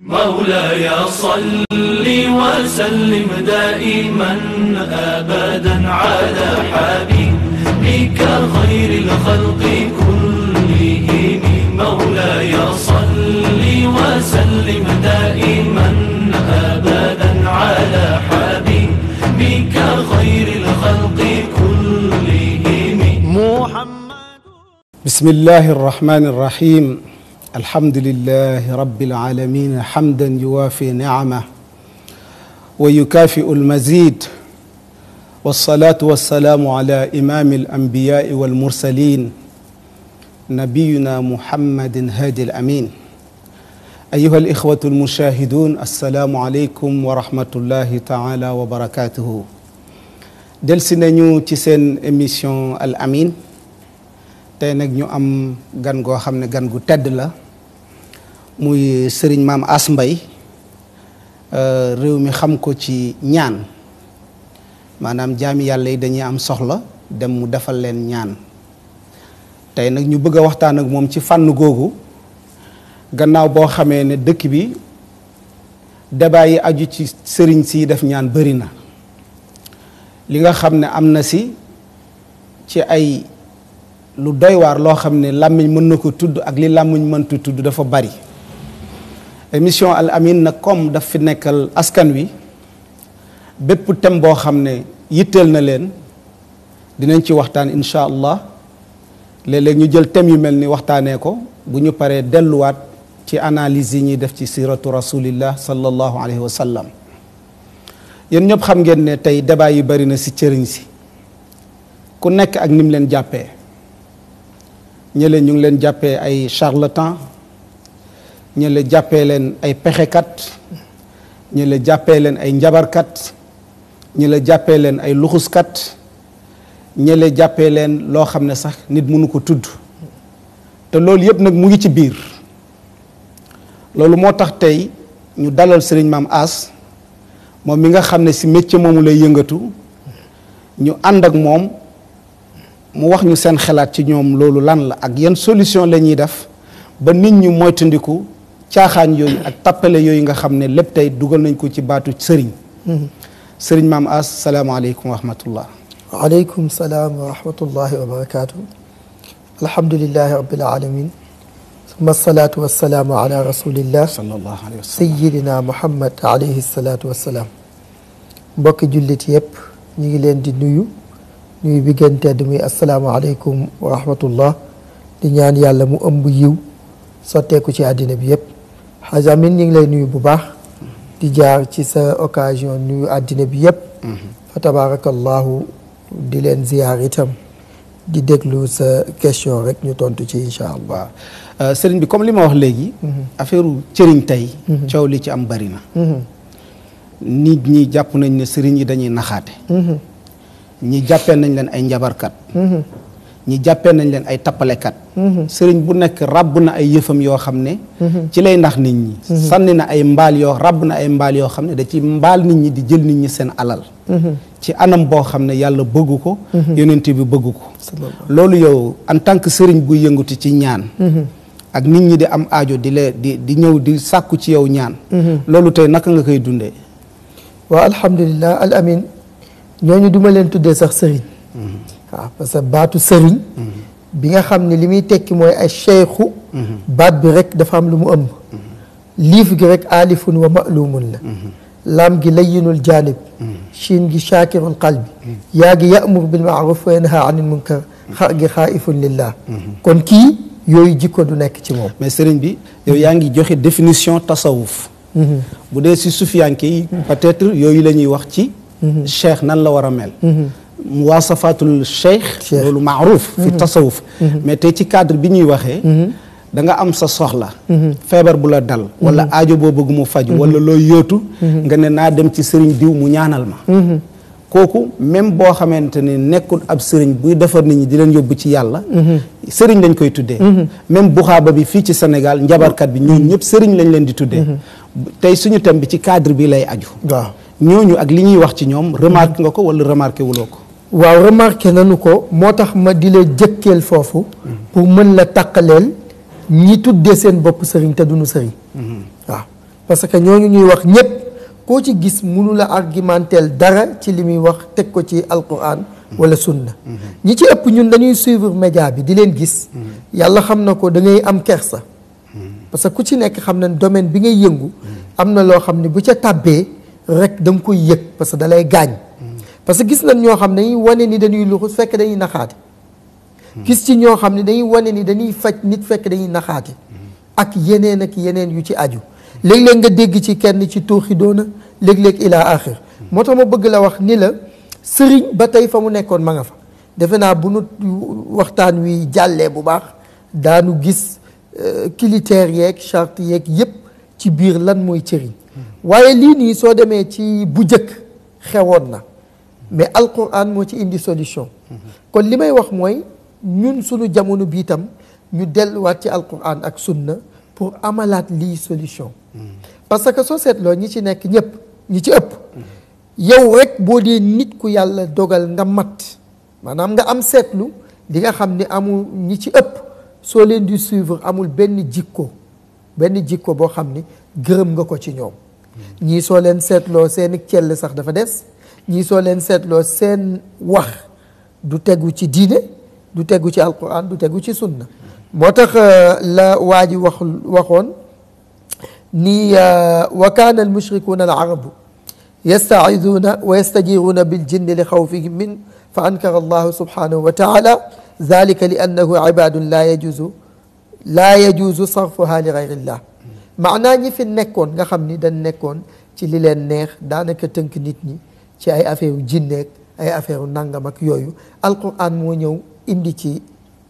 مولاي صل وسلم دائما ابدا على حبيبك خير الخلق كلهم مولاي صل وسلم دائما ابدا على حبيبك خير الخلق كلهم محمد بسم الله الرحمن الرحيم الحمد لله رب العالمين حمدا يوافي نعمه ويكافئ المزيد والصلاه والسلام على امام الانبياء والمرسلين نبينا محمد هادي الامين ايها الاخوه المشاهدون السلام عليكم ورحمه الله تعالى وبركاته delsi nañu ci seen émission al amin tey nag ñu am gan goo xam ne gan gu tedd la muy sëriñ maam As Mbay euh, réew mi xam ko ci ñaan maanaam jaami yàlla yi dañuy am soxla dem mu defal leen ñaan tey nag ñu bëgg a waxtaan ak moom ci fànn googu gannaaw boo xamee ne dëkk bi débat yi aju ci sëriñ sii def ñaan bari na li nga xam ne am na si ci ay lu doy waar loo xam ne làmmiñ mën na ko tudd ak li làmmiñ mëntu tudd dafa bari émission Al Amine nag comme dafa fi nekkal askan wi bépp thème boo xam ne yitteel na leen dinañ ci waxtaan incha allah léeg ñu jël thème yu mel ni waxtaanee ko bu ñu paree delluwaat ci analyse yi ñuy def ci siratu rasulillah sallallahu alayhi wa sallam yéen ñëpp xam ngeen ne tey débat yi bari na si cëriñ si ku nekk ak nim leen jàppee ñëleen ñu ngi leen jàppee ay charlatan ñële jàppee leen ay pexekat ñële jàppee leen ay njabarkat ñële jàppee leen ay luxuskat ñële jàppee leen loo xam ne sax nit munu ko tudd te loolu yëpp nag mu ngi ci biir loolu moo tax tey ñu dalal sëriñ maam As moom mi nga xam ne si métier moomu lay yëngatu ñu ànd ak moom mu wax ñu seen xalaat ci ñoom loolu lan la ak yan solution la ñuy def ba nit ñu moytandiku caaxaan yooyu ak tappale yooyu nga xam ne lépp tey dugal nañ ko ci baatu sëriñ mhm. sëriñ maam as salaamaaleykum wa rahmatullah waaleykum salaam wa rahmatullahi wa barakaatu alhamdulilahi rabbil alamin summa asalaatu wassalaamu ala rasulillah sayidina muhammad alayhi salaatu wassalaam mbokki jullit yëpp ñu ngi leen di nuyu nuyu bi di ñaan yàlla mu ëmb yiw sotteeku ci àddina bi yëpp Hadj Amine ñu ngi lay nuyu bu baax di jaar ci sa occasion nuyu àddina bi yëpp mm-hmm. fa tabarakallahu di leen ziyaar itam di déglu sa question rek ñu tontu ci incha allah. Euh, sëriñ bi comme li ma wax léegi. Mm-hmm. affaire cëriñ tey. Mm-hmm. coow li ci am bari na. nit ñi jàpp nañ ne sëriñ yi dañuy naxaate. ñi jàppee nañ leen ay njabarkat. ñi jàppee nañ leen ay tappalekat mhm. sëriñ bu nekk ràbb na ay yëfam yoo xam ne mhm. ci lay ndax nit ñi mhm. sànni na ay mbaal yoo ràbb na ay mbaal yoo xam ne da ci mbaal nit ñi di jël nit ñi seen alal ci anam boo xam ne yàlla bëgg ko yonent bi bëgg ko loolu yow en tant que sëriñ buy yënguti ci ñaan ak nit ñi di am aajo di lee di di ñëw di sàkku ci yow ñaan loolu tey naka nga koy dunde waa alhamdulilah al amin ñooñu duma leen tuddee sax sëriñ waaw parce que baatu sëriñ bi nga xam ne li muy tekki mooy ay cheikhu baat bi rek dafa am lu mu ëmb liif gi rek alifun wa malumun la laam gi layyinul jaanib shiin gi shaakirul qalbi yaa gi ya'mur bil maaruf wa yanha anil munkar xa gi kon kii yooyu jikko du nekk ci moom mais sëriñ bi yow yaa ngi joxe définition tasawuf mhm. bu dee si sufiyanke yi peut-être yooyu lañuy wax ci mhm. cheikh nan la war a mel mhm. muwaasafatul cheikh loolu maaruuf fi mhm. tasawuf mhm. mais tey ci cadre bi ñuy waxee mhm. danga nga am sa soxla feebar bu la dal wala aajo boo bëgg mu faju wala loo yootu nga ne naa dem ci sëriñ diw mu ñaanal ma kooku même boo xamante ne nekkul ab sëriñ buy defar nit ñi di leen yóbbu ci yàlla sëriñ lañ koy tuddee même buxaaba bi fii ci Sénégal njabarkat bi ñooñu ñëpp sëriñ lañ leen di tuddee tey suñu thème bi ci cadre bi lay aju waaw ñooñu ak li ñuy wax ci ñoom remarqué nga ko wala waaw remarqué nañu ko moo tax ma di la jëkkeel foofu pour mën la taqaleel ñi tuddee seen bopp sëriñ te duñu sëriñ mm-hmm. waaw parce que ngi ñuy wax ñépp koo ci gis mënu la argumenteel dara ci li muy wax teg ko ci alquran mm-hmm. wala sunna mm-hmm. ñi ci ëpp ñun dañuy suivre média bi di leen gis yàlla xam na ko da ngay am kersa parce que ku ci nekk xam na domaine bi ngay yëngu am na loo xam ne bu ca tàbbee rek da nga koy yëg parce que da gaañ parce que gis nañ ñoo xam ne dañuy wane ni dañuy luxus fekk dañuy naxaate gis ci ñoo xam ne dañuy wane ni dañuy faj nit fekk dañuy naxaate ak yeneen ak yeneen yu ci aju léegi léeg nga dégg ci kenn ci tuuxi doona léeg-léeg ilaa axir moo tax ma bëgg la wax ni la sëriñ ba tey fa mu nekkoon ma nga fa defe naa bu nu waxtaan wi jàllee bu baax daanu gis critères euh, yeeg charte yeeg yépp ci biir lan mooy sëriñ hmm. waaye lii nii soo demee ci bu jëkk xewoon na mais alquran moo ci indi solution kon li may wax mooy ñun suñu jamono bii itam ñu delluwaat ci alquran ak sun na pour amalaat lii solution parce que soo seetloo ñi ci nekk ñëpp ñi ci ëpp yow rek boo dee nit ku yàlla dogal nga mat maanaam nga am seetlu di nga xam ni amul ñi ci ëpp soo leen di suivre amul benn jikko benn jikko boo xam ni gërëm nga ko ci ñoom ñii soo leen seetloo seen i cell sax dafa des ñii soo leen seetloo seen wax du tegu ci diine du tegu ci alquran du tegu ci sunna moo tax euh, la waa ji wax waxoon ni euh, wa kaana almushrikuuna alarabu yastaiduuna wa yastajiruuna biljinni li xawfihim min fa ankara allahu subhanahu wa taala dalika li annahu ibadun laa yajuusu laa yajuusu sarfuha li gayri llah maanaa ñi fi nekkoon nga xam ni dañ nekkoon ci li leen neex daanaka tënk nit ñi ci ay affaire yu jinneeg ay affaire yu nangam ak yooyu alquran moo ñëw indi ci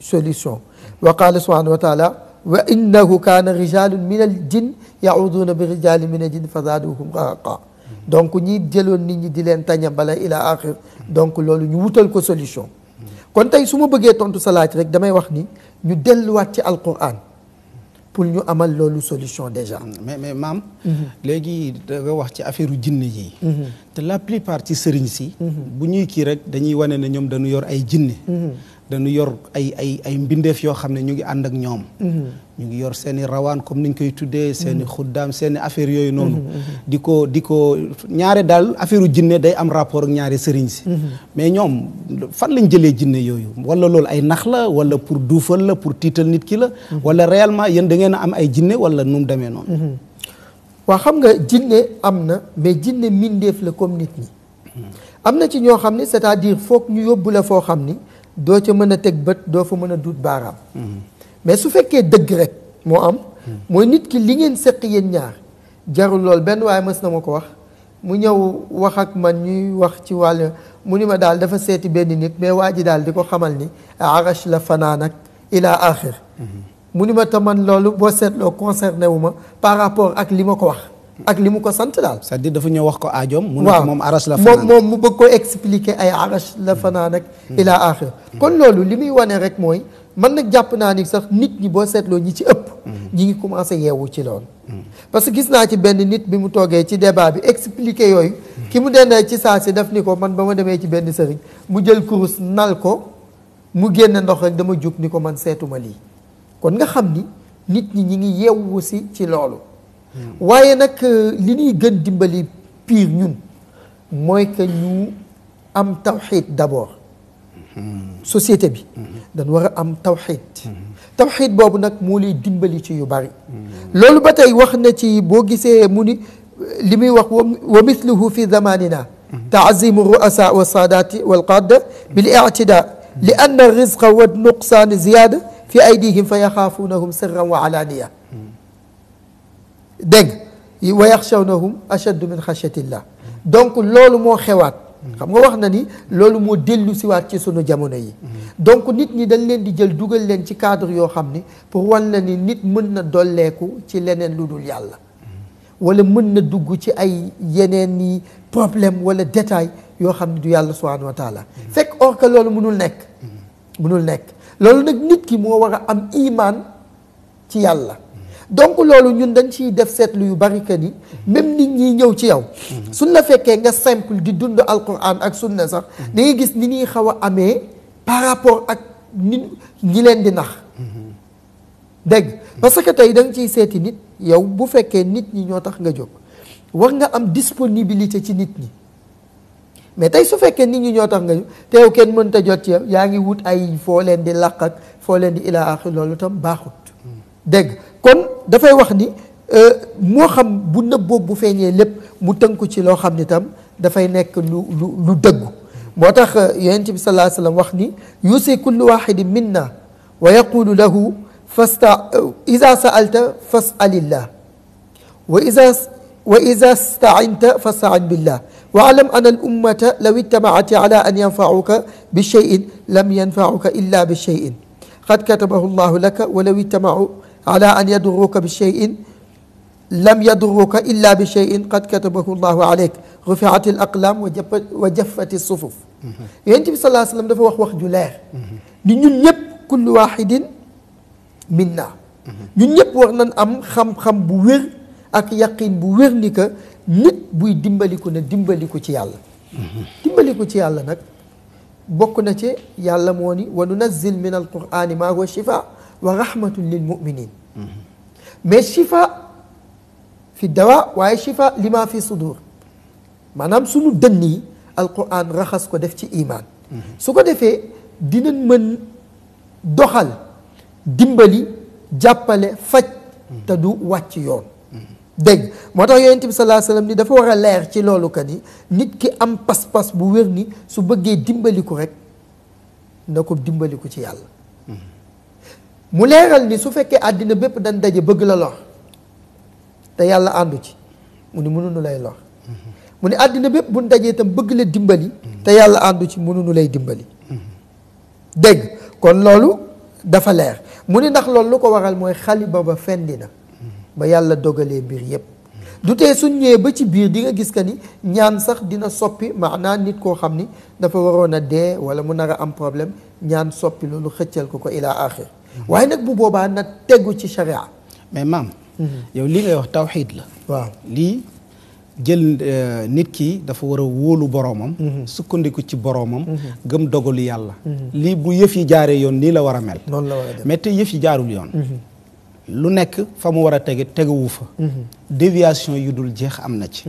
solution wa qaala subhanahu wa taala wa innahu kaana rijalun min al jin yauduna bi rijalin min al jin fa zaaduhum rahaqa donc ñi jëloon nit ñi di leen taña bala ila axir donc loolu ñu wutal ko solution kon tey su ma bëggee tontu sa rek damay wax ni ñu delluwaat ci alquran pour ñu amal loolu solution déjà. mais mais maam. léegi da nga wax ci affaire jinne yi. Mhm. te la plupart ci sëriñ si. Mhm. bu ñuy kii rek dañuy wane ne ñoom dañu yor ay jinne. Mhm. dañu yor ay ay mbindeef yoo xam ne ñu ngi ànd ak ñoom mm-hmm. ñu ngi yor seen i rawaan comme niñ koy tuddee seen i mm-hmm. xuddaam seen i affaire yooyu noonu mm-hmm, di ko di ko ñaare daal affaire jinne day am rapport ak ñaare sëriñ si mais ñoom fan lañ jëlee jinne yooyu wala loolu ay nax la wala pour duufal la pour tiital nit ki la wala réellement yéen da ngeen a am ay jinne wala nu mu demee noonu waa xam nga jinne am na mais jinne mbindeef la comme nit ñi am na ci ñoo xam ne cest à ñu yóbbu la foo xam ni doo ca mën a teg bët doo fa mën a duut baaraam mais su fekkee dëgg rek moo am mooy nit ki li ngeen seq yéen ñaar jarul lool benn waaye mës na ma ko wax mu ñëw wax ak man ñuy wax ci wàll mu ni ma daal dafa seeti benn nit mais waa ji daal di ko xamal ni arash la fanaan ak ila axir mhm. mu ni ma te man loolu boo seetloo concerné wu ma par rapport ak li ma ko wax ak li mu ko sant daal. cest à dafa ñëw wax ko aajoom. mu ne moom arash la fanaan moom mu bëgg ko expliquer ay arash la fanaan ak. Hmm. ila axir hmm. kon loolu li muy wane rek mooy man nag jàpp naa ni sax nit ñi boo seetloo ñi ci ëpp. Hmm. ñi ngi commencé yeewu ci loolu. parce que gis naa ci benn nit bi mu toogee ci débat bi explique yooyu. ki mu denda ci saa si daf ni ko man ba ma demee ci benn sëriñ mu jël kurus nal ko mu génn ndox rek dama jug ni ko man seetuma lii kon nga xam ni nit ñi ñi ngi yeewu si ci loolu. waaye nag euh, li ñuy gën dimbali pire ñun mooy que ñu am tawxiid d'abord mhm. societé bi mhm. dañ war a am tawxiid mhm. tawxiid boobu nag moo lay dimbali ci yu bari loolu ba tey wax na ci boo gisee mu ni euh, li muy wax wa mithluhu fi zamanina taazimu ruasa wa saadaati walqadda bil ictida li anna rizqa wa nuqsaan ziyaada fi aydihim fa yaxaafunahum sirran wa alaaniya dégg wa yaxshawnahum ashaddu min xashyatillah donc loolu moo xewaat xam nga wax na ni loolu moo dellu siwaat ci sunu jamono yi donc nit ñi dañ leen di jël dugal leen ci cadre yoo xam ni pour wan la ni nit mën na dolleeku ci leneen lu dul yàlla wala mën na dugg ci ay yeneen i problème wala détail yoo xam ne du yàlla subhanahu wa fekk or que loolu mënul nekk mënul nekk loolu nag nit ki moo war a am imaan ci yàlla donc loolu ñun dañ ciy def seetlu yu bari que ni même nit ñiy ñëw ci yow. suñ la fekkee nga simple di dund alquran ak sunna sax da gis ni ñuy xaw a amee par rapport ak nit ñi leen di nax. dégg parce que tey da nga ciy seeti nit yow bu fekkee nit ñi ñoo tax nga jóg war nga am disponibilité ci nit ñi. mais tey su fekkee nit ñi ñoo tax nga teew kenn mënta jot ci yaa ngi wut ay foo leen di laq ak foo leen di ilaa axir loolu tam baaxut dégg kon dafay wax ni euh, moo xam bu nëbboo bu feeñee lépp mu tënku ci loo xam ni tam dafay nekk lu lu lu dëggu moo tax euh, yonent bi sallallahu alayhi wasallam wax ni yusi kullu wahidin minna wa yaqulu lahu fasta euh, ida saalta fasalillah wa ida wa ida stainta fastain billah wa alam ana al ummata law ijtamaati ala an yanfauka bi cheyin lam yanfauka illa bi cheyin qad katabahu llahu laka wa law ijtamaau على أن يضروك بشيء لم يضروك إلا بشيء قد كتبه الله عليك رفعت الأقلام وجفت الصفوف yonent bi sallallahu alayhi wa sallam dafa wax wax ju leer ni ñun ñëpp kullu waaxidin minna ñun ñëpp war nañ am xam-xam bu wér ak yaqin bu wér ni que nit buy dimbaliku na dimbaliku ci yàlla dimbaliku ci yàlla nag bokk na ci yàlla moo ni wa nunazzil min alqurani ma huwa shifaa wa rahmatun lil muminin mais shifa fi dawa waaye shifa lima fi sudur maanaam sunu dënn yi alquran raxas ko def ci iman su ko defee dinañ mën doxal dimbali jàppale faj te du wàcc yoon dégg moo tax yonent bi salaa sallam ni dafa war a leer ci loolu kat yi nit ki am pas-pas bu wér ni su bëggee dimbaliku rek na ko dimbali dimbaliku ci yàlla mu leeral ni su fekkee àddina bépp dañ daje bëgg la lor te yàlla àndu ci mu ni mënuñu lay lor mu ni àddina bépp bu dajee itam bëgg la dimbali te yàlla àndu ci mënuñu lay dimbali dégg kon loolu dafa leer mu ni ndax loolu lu ko waral mooy xalima ba fendi na ba yàlla dogalee mbir yépp du tee suñ ñëwee ba ci biir di nga gis que ni ñaan sax dina soppi maanaam nit koo xam ni dafa waroon a dee wala mu nar a am problème ñaan soppi loolu xëccal ko ko ilaa axir waaye nag bu boobaa na tegu ci sharia mais maam. Mhm. yow lii ngay wax tawxiid la. waaw lii jël euh, nit kii dafa war a wóolu boroomam. Mhm. sukkandiku ci boroomam. Mhm. gëm dogalu yàlla. lii bu yëf yi jaaree yoon nii la war a mel. noonu la war a def mais te yëf yi jaarul yoon. lu nekk fa mu war a tege tegewu fa. déviation yu dul jeex am na ci.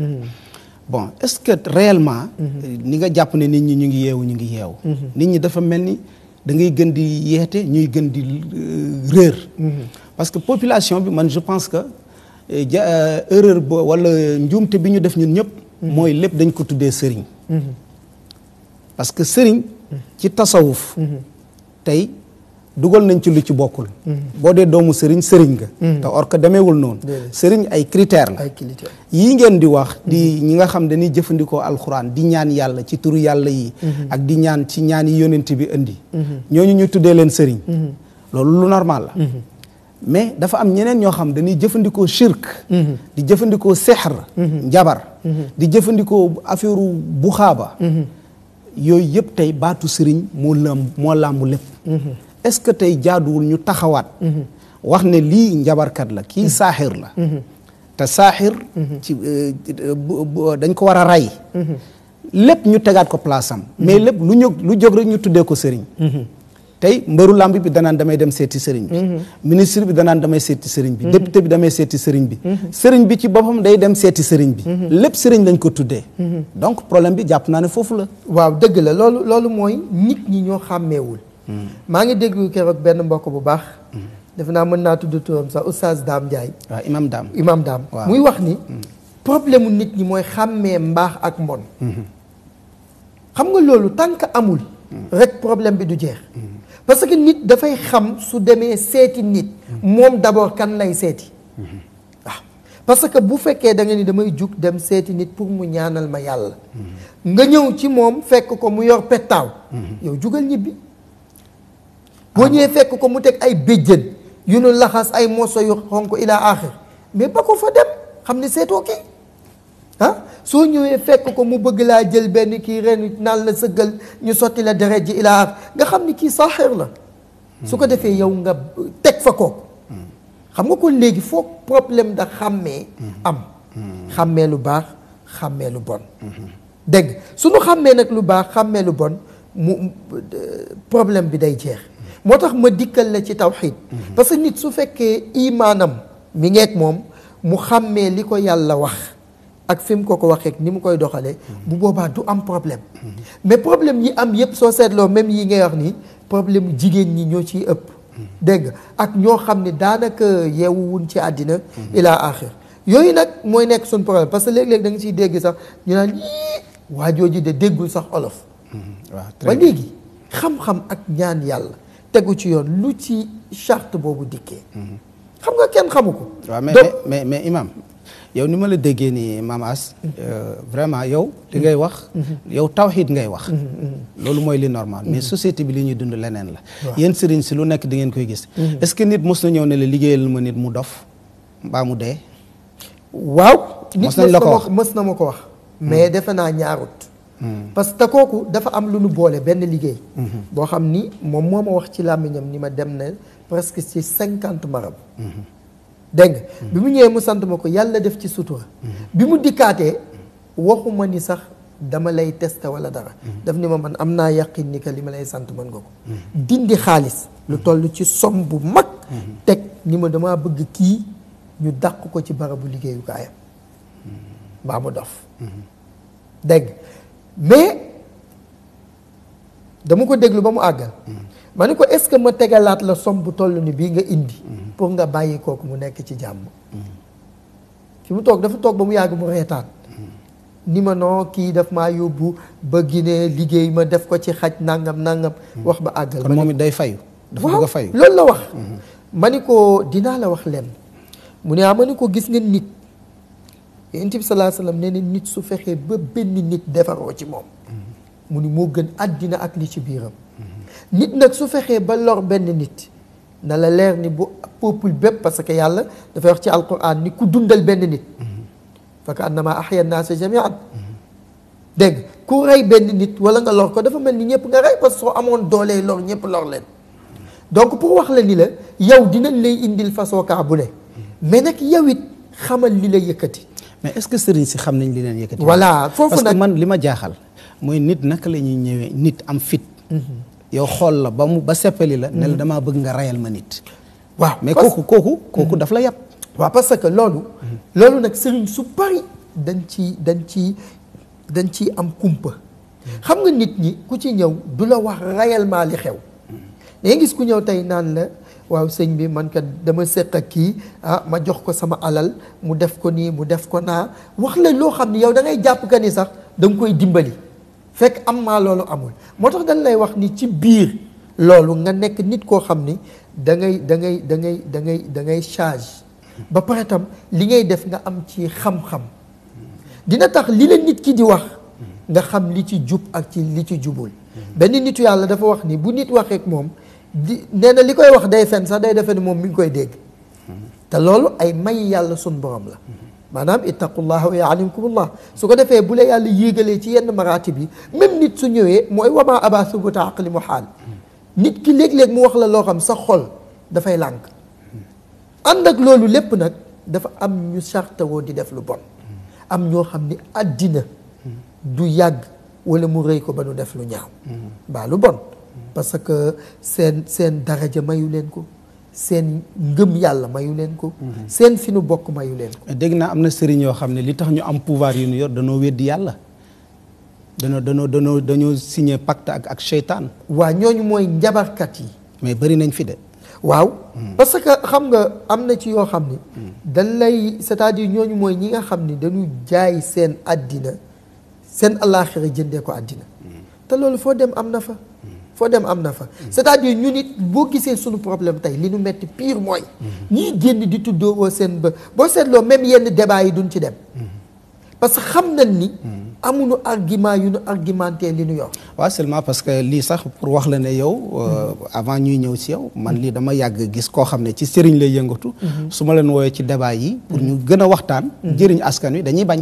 bon est-ce que réellement. Euh, ni nga jàpp ne nit ñi ñu ngi yeewu ñu ngi yeewu. nit ñi dafa mel ni. da ngay gën di yeete ñuy gën di euh, réer mm-hmm. parce que population bi man je pense que euh, ja euh, erreur bo wala njuumte bi ñu def ñun ñëpp mm-hmm. mooy lépp dañ ko tuddee sëriñ mm-hmm. parce que sëriñ ci tasawuf tey dugal nañ ci lu ci bokkul. Mm-hmm. boo dee doomu sëriñ sëriñ nga. Mm-hmm. te or que demeewul noonu. sëriñ ay critères la. yii ngeen di wax di mm-hmm. ñi nga xam dañuy jëfandikoo alxuraan di ñaan yàlla ci turu yàlla yi. ak di ñaan ci ñaan yi yonent bi indi. ñooñu ñu tuddee leen sëriñ. loolu lu normal la. mais dafa am ñeneen ñoo xam dañuy jëfandikoo shirk. di jëfandikoo seexar. njabar. di jëfandikoo affaire bu xaaba. yooyu yëpp tey baatu sëriñ moo làmb moo làmb lépp. est-ce que tey jaaduwul ñu taxawaat wax ne lii njabarkat la kii saaxir la te saaxir ci euh, dañ ko war a rey lépp ñu tegaat ko place am mais lépp lu ñu lu jóg ñu tuddee ko sëriñ tey mbëru làmb bi danaan damay dem seeti sëriñ bi ministre bi danaan damay seeti sëriñ bi député bi damay seeti sëriñ bi sëriñ bi ci boppam day dem seeti sëriñ bi lépp sëriñ lañ ko tuddee donc problème bi jàpp naa ne foofu la waaw dëgg la loolu mooy nit ñi ñoo xàmmeewul maa ngi déglu keroog benn mbokk bu baax. defe naa mën naa tudd turam sax oustaz Dame Ndiaye. waaw imam Dame imam Dame. muy wax ni. Mm. problème mu nit ñi mooy xàmmee mbaax ak mbon. xam nga loolu tant que amul. rek problème bi du jeex. parce que nit dafay xam su demee seeti nit. moom d'abord kan lay seeti. waaw ah, parce que bu fekkee da nga ni damay jug dem seeti nit pour mu ñaanal ma yàlla. nga ñëw ci moom fekk ko mu yor pettaaw. Mm-hmm. yow jugal ñibbi. boo ah ñëwee fekk ko mu teg ay béjjën yu nu laxas ay moso yu xonk ila axir mais ba ko fa dem xam ne seetoo kii ah, soo ñëwee fekk ko mu bëgg laa jël benn kii ren naan la sëggal ñu sotti la deret ji ilaa axir nga xam ni kii saaxir la su ko defee yow nga teg fa kooku xam nga kon léegi foog problème da xàmmee am xàmmee lu baax xàmmee lu bon dégg suñu xàmmee nag lu baax xàmmee lu bon mu euh, problème bi day jeex moo tax ma dikkal la ci tawxiid mhm. parce que nit su fekkee imaanam mi ngeeg moom mu xàmmee li ko yàlla wax ak fi mu ko ko waxee ni mu koy doxalee mhm. bu boobaa du am problème mhm. mais problème ñi am yëpp soo seetloo même yi ngay wax nii problème jigéen ñi ñoo ciy ëpp dégg ak ñoo xam ne daanaka yeewuwuñ ci àddina ilaa axir yooyu nag mooy nekk suñ problème parce que léeg-léeg da nga ciy dégg sax ñu naan lii waa jooju de déggul sax olof ba léegi xam-xam ak ñaan yàlla tegu ci yoon lu ci charte boobu dikkee. xam nga kenn xamu ko. waaw mais mais yow ni ma la déggee nii Maam As euh, vraiment yow li ngay wax. yow tawxiid ngay wax. loolu mooy li normal mais société bi li ñuy dund leneen la. yéen sëriñ si lu nekk di ngeen koy gis. Mhm. est-ce que nit mos na ñëw ne la liggéeyal ma nit mu dof mbaa mu dee. waaw. la ko wax mës na ma ko wax. mais defe naa ñaarut. Mm-hmm. parce que kooku dafa am lu nu boole benn liggéey. Mm-hmm. boo xam ni moom moo ma wax ci làmmiñam ni ma dem na presque ci cinquante marabu. Mm-hmm. dégg nga bi mu ñëwee mu sant ma ko yàlla def ci sutura. bi mu dikkaatee waxuma ni sax dama lay tester wala dara. def ni ma man am naa yàqin ni que li ma lay sant mën nga ko. dindi xaalis lu toll ci somme bu mag. teg ni ma damaa bëgg kii ñu dàq ko ci barabu liggéeyukaayam. mbaa mu dof dégg mais dama ko déglu ba mu àggal. ma ne ko est-ce que ma tegalaat la somme bu toll ni bii nga indi. pour nga bàyyi kooku mu nekk ci jàmm. fi mu toog dafa toog ba mu yàgg mu reetaan. ni ma noo kii daf maa yóbbu ba Guinée liggéey ma def ko ci xaj nangam nangam. wax ba àggal kon moom it day fayu. dafa bëgg a fayu loolu la wax. ma ni ko dinaa la wax lenn mu ne ah ma ni ko gis nga nit. yonent bi salaa salaam nee nit su fexee ba benn nit defaroo ci moom mu ni moo gën àddina ak li ci biiram nit nag su fexee ba lor benn nit na la leer ni bu peuple bépp parce que yàlla dafay wax ci alquran ni ku dundal benn nit na faka annama ahya naasa jamian dégg ku rey benn nit wala nga lor ko dafa mel ni ñëpp nga rey parce que soo amoon doolee lor ñëpp lor leen donc pour wax la ni la yow dinañ lay indil façon kaa bu ne mais nag yow it xamal li la yëkkati mais est-ce que sëriñ si xam nañ li leen yëkkati. mooy nit naka la ñuy ñëwee nit am fit. Mhm. yow xool la ba mu ba seppali la. ne la mhm. damaa bëgg nga reyal ma nit. waaw mais kooku kooku kooku mhm. daf la yàpp. waa parce que loolu. loolu nag sëriñ su bari dañ ci dañ ci dañ ci am kumpa. xam nga nit ñi ku ci ñëw du la wax réellement li xew. da gis ku ñëw tey naan la. waaw sëñ bi man kat dama séq ak kii ah ma jox ko sama alal mu def ko nii mu def ko naa wax la loo xam ni yow da ngay jàpp ka ni sax danga koy dimbali fekk am maa loolu amul moo tax dañ lay wax ni ci biir loolu nga nekk nit koo xam ni da ngay dangay dangay da ngay da charge ba pare tam li ngay def nga am ci xam-xam dina tax li la nit ki di wax nga xam li ci jub ak ci li ci jubul hmm. benn nitu yàlla dafa wax nii bu nit waxeek moom di nee na li koy wax day fen sax day defe ni moom mi ngi koy dégg te loolu ay may yàlla sun borom la maanaam ittaqullaha wa ya'limkumullah su ko defee bu la yàlla yéegalee ci yenn maraati bi même nit su ñëwee mooy wama aba subuta aqli mu xaal nit ki léeg-léeg mu wax la loo xam sa xol dafay lànk ànd ak loolu lépp nag dafa am ñu sartawoo di def lu bon am ñoo xam ni àddina du yàgg wala mu rëy ko ba nu def lu ñaaw mbaa lu bon parce que seen seen daraja mayu leen ko seen ngëm yàlla mayu leen ko mhm. seen fi nu bokk mayu leen ko dégg naa am na sëriñ yoo xam ne li tax ñu am pouvoir yu ñu yor danoo weddi yàlla danoo danoo danoo dañoo signé pacte ak seytaan waa ñooñu mooy njabarkat yi mais bari nañ fi de waaw hmm. parce que xam nga am na ci yoo xam ni hmm. dañ lay c'est-à-dire ñooñu mooy ñi nga xam ni dañu jaay seen àddina seen alaaxira jëndee ko àddina hmm. te loolu foo dem am na fa foo dem am na fa c'est-à-dire ñu nit boo gisee suñu problème tey li ñu metti pire mooy ñii génn di tuddoo seen ba boo seetloo même yenn débat yi duñ ci dem parce que xam nañ ni amuñu argument yu ñu argumenté li nu yor waaw seulement parce que lii sax pour wax la ne yow euh, avant ñuy ñëw si yow man lii dama yàgg gis koo xam ne ci sëriñ lay yëngatu su ma leen wooyee ci débat yi pour ñu gën a waxtaan jëriñ askan wi dañuy bañ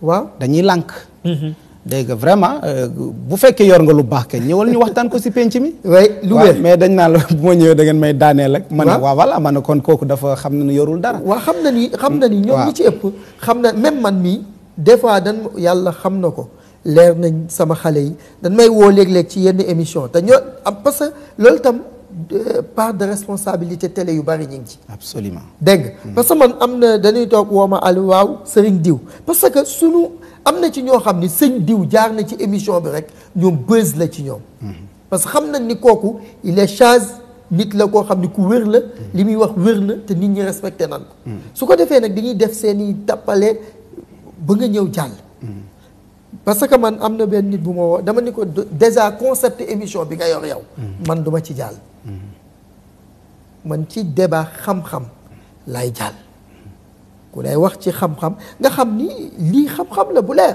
waaw dañuy lànk mhm. dégg nga vraiment euh, bu fekkee yor nga lu baax kay ñëwal ñu waxtaan ko si penc mi. oui lu wér mais dañ naan la bu ma ñëwee da ngeen may daaneel ak. man waaw voilà man kon kooku dafa xam na ni yorul dara. waaw xam na ni xam na ni ñoom ñi ci ëpp. xam na même man mii des fois dañ yàlla xam na ko leer nañ sama xale yi dañ may woo léeg-léeg ci yenn émission te am parce que loolu tam part de responsabilité télé yu bari ñu ngi ci. absolument dégg hmm. parce que man am na dañuy toog woo ma Aliou waaw Serigne Diw parce que sunu. am na ci ñoo xam ni sëñ diw jaar na ci émission bi rek ñoom bës la ci ñoom. parce que xam nañ ni kooku il est chage nit la koo xam ni ku wér la. li muy wax wér na te nit ñi respecté nan ko. Mm. su ko defee nag dañuy def seen i tappale ba nga ñëw jàll. Mm. parce que man am na benn nit bu ma woo dama ni ko déjà concept émission bi nga yor yow. Mm. man duma ci jàll. man ci débat xam-xam laay jàll. ku wax ci xam-xam nga xam ni lii xam-xam la bu leer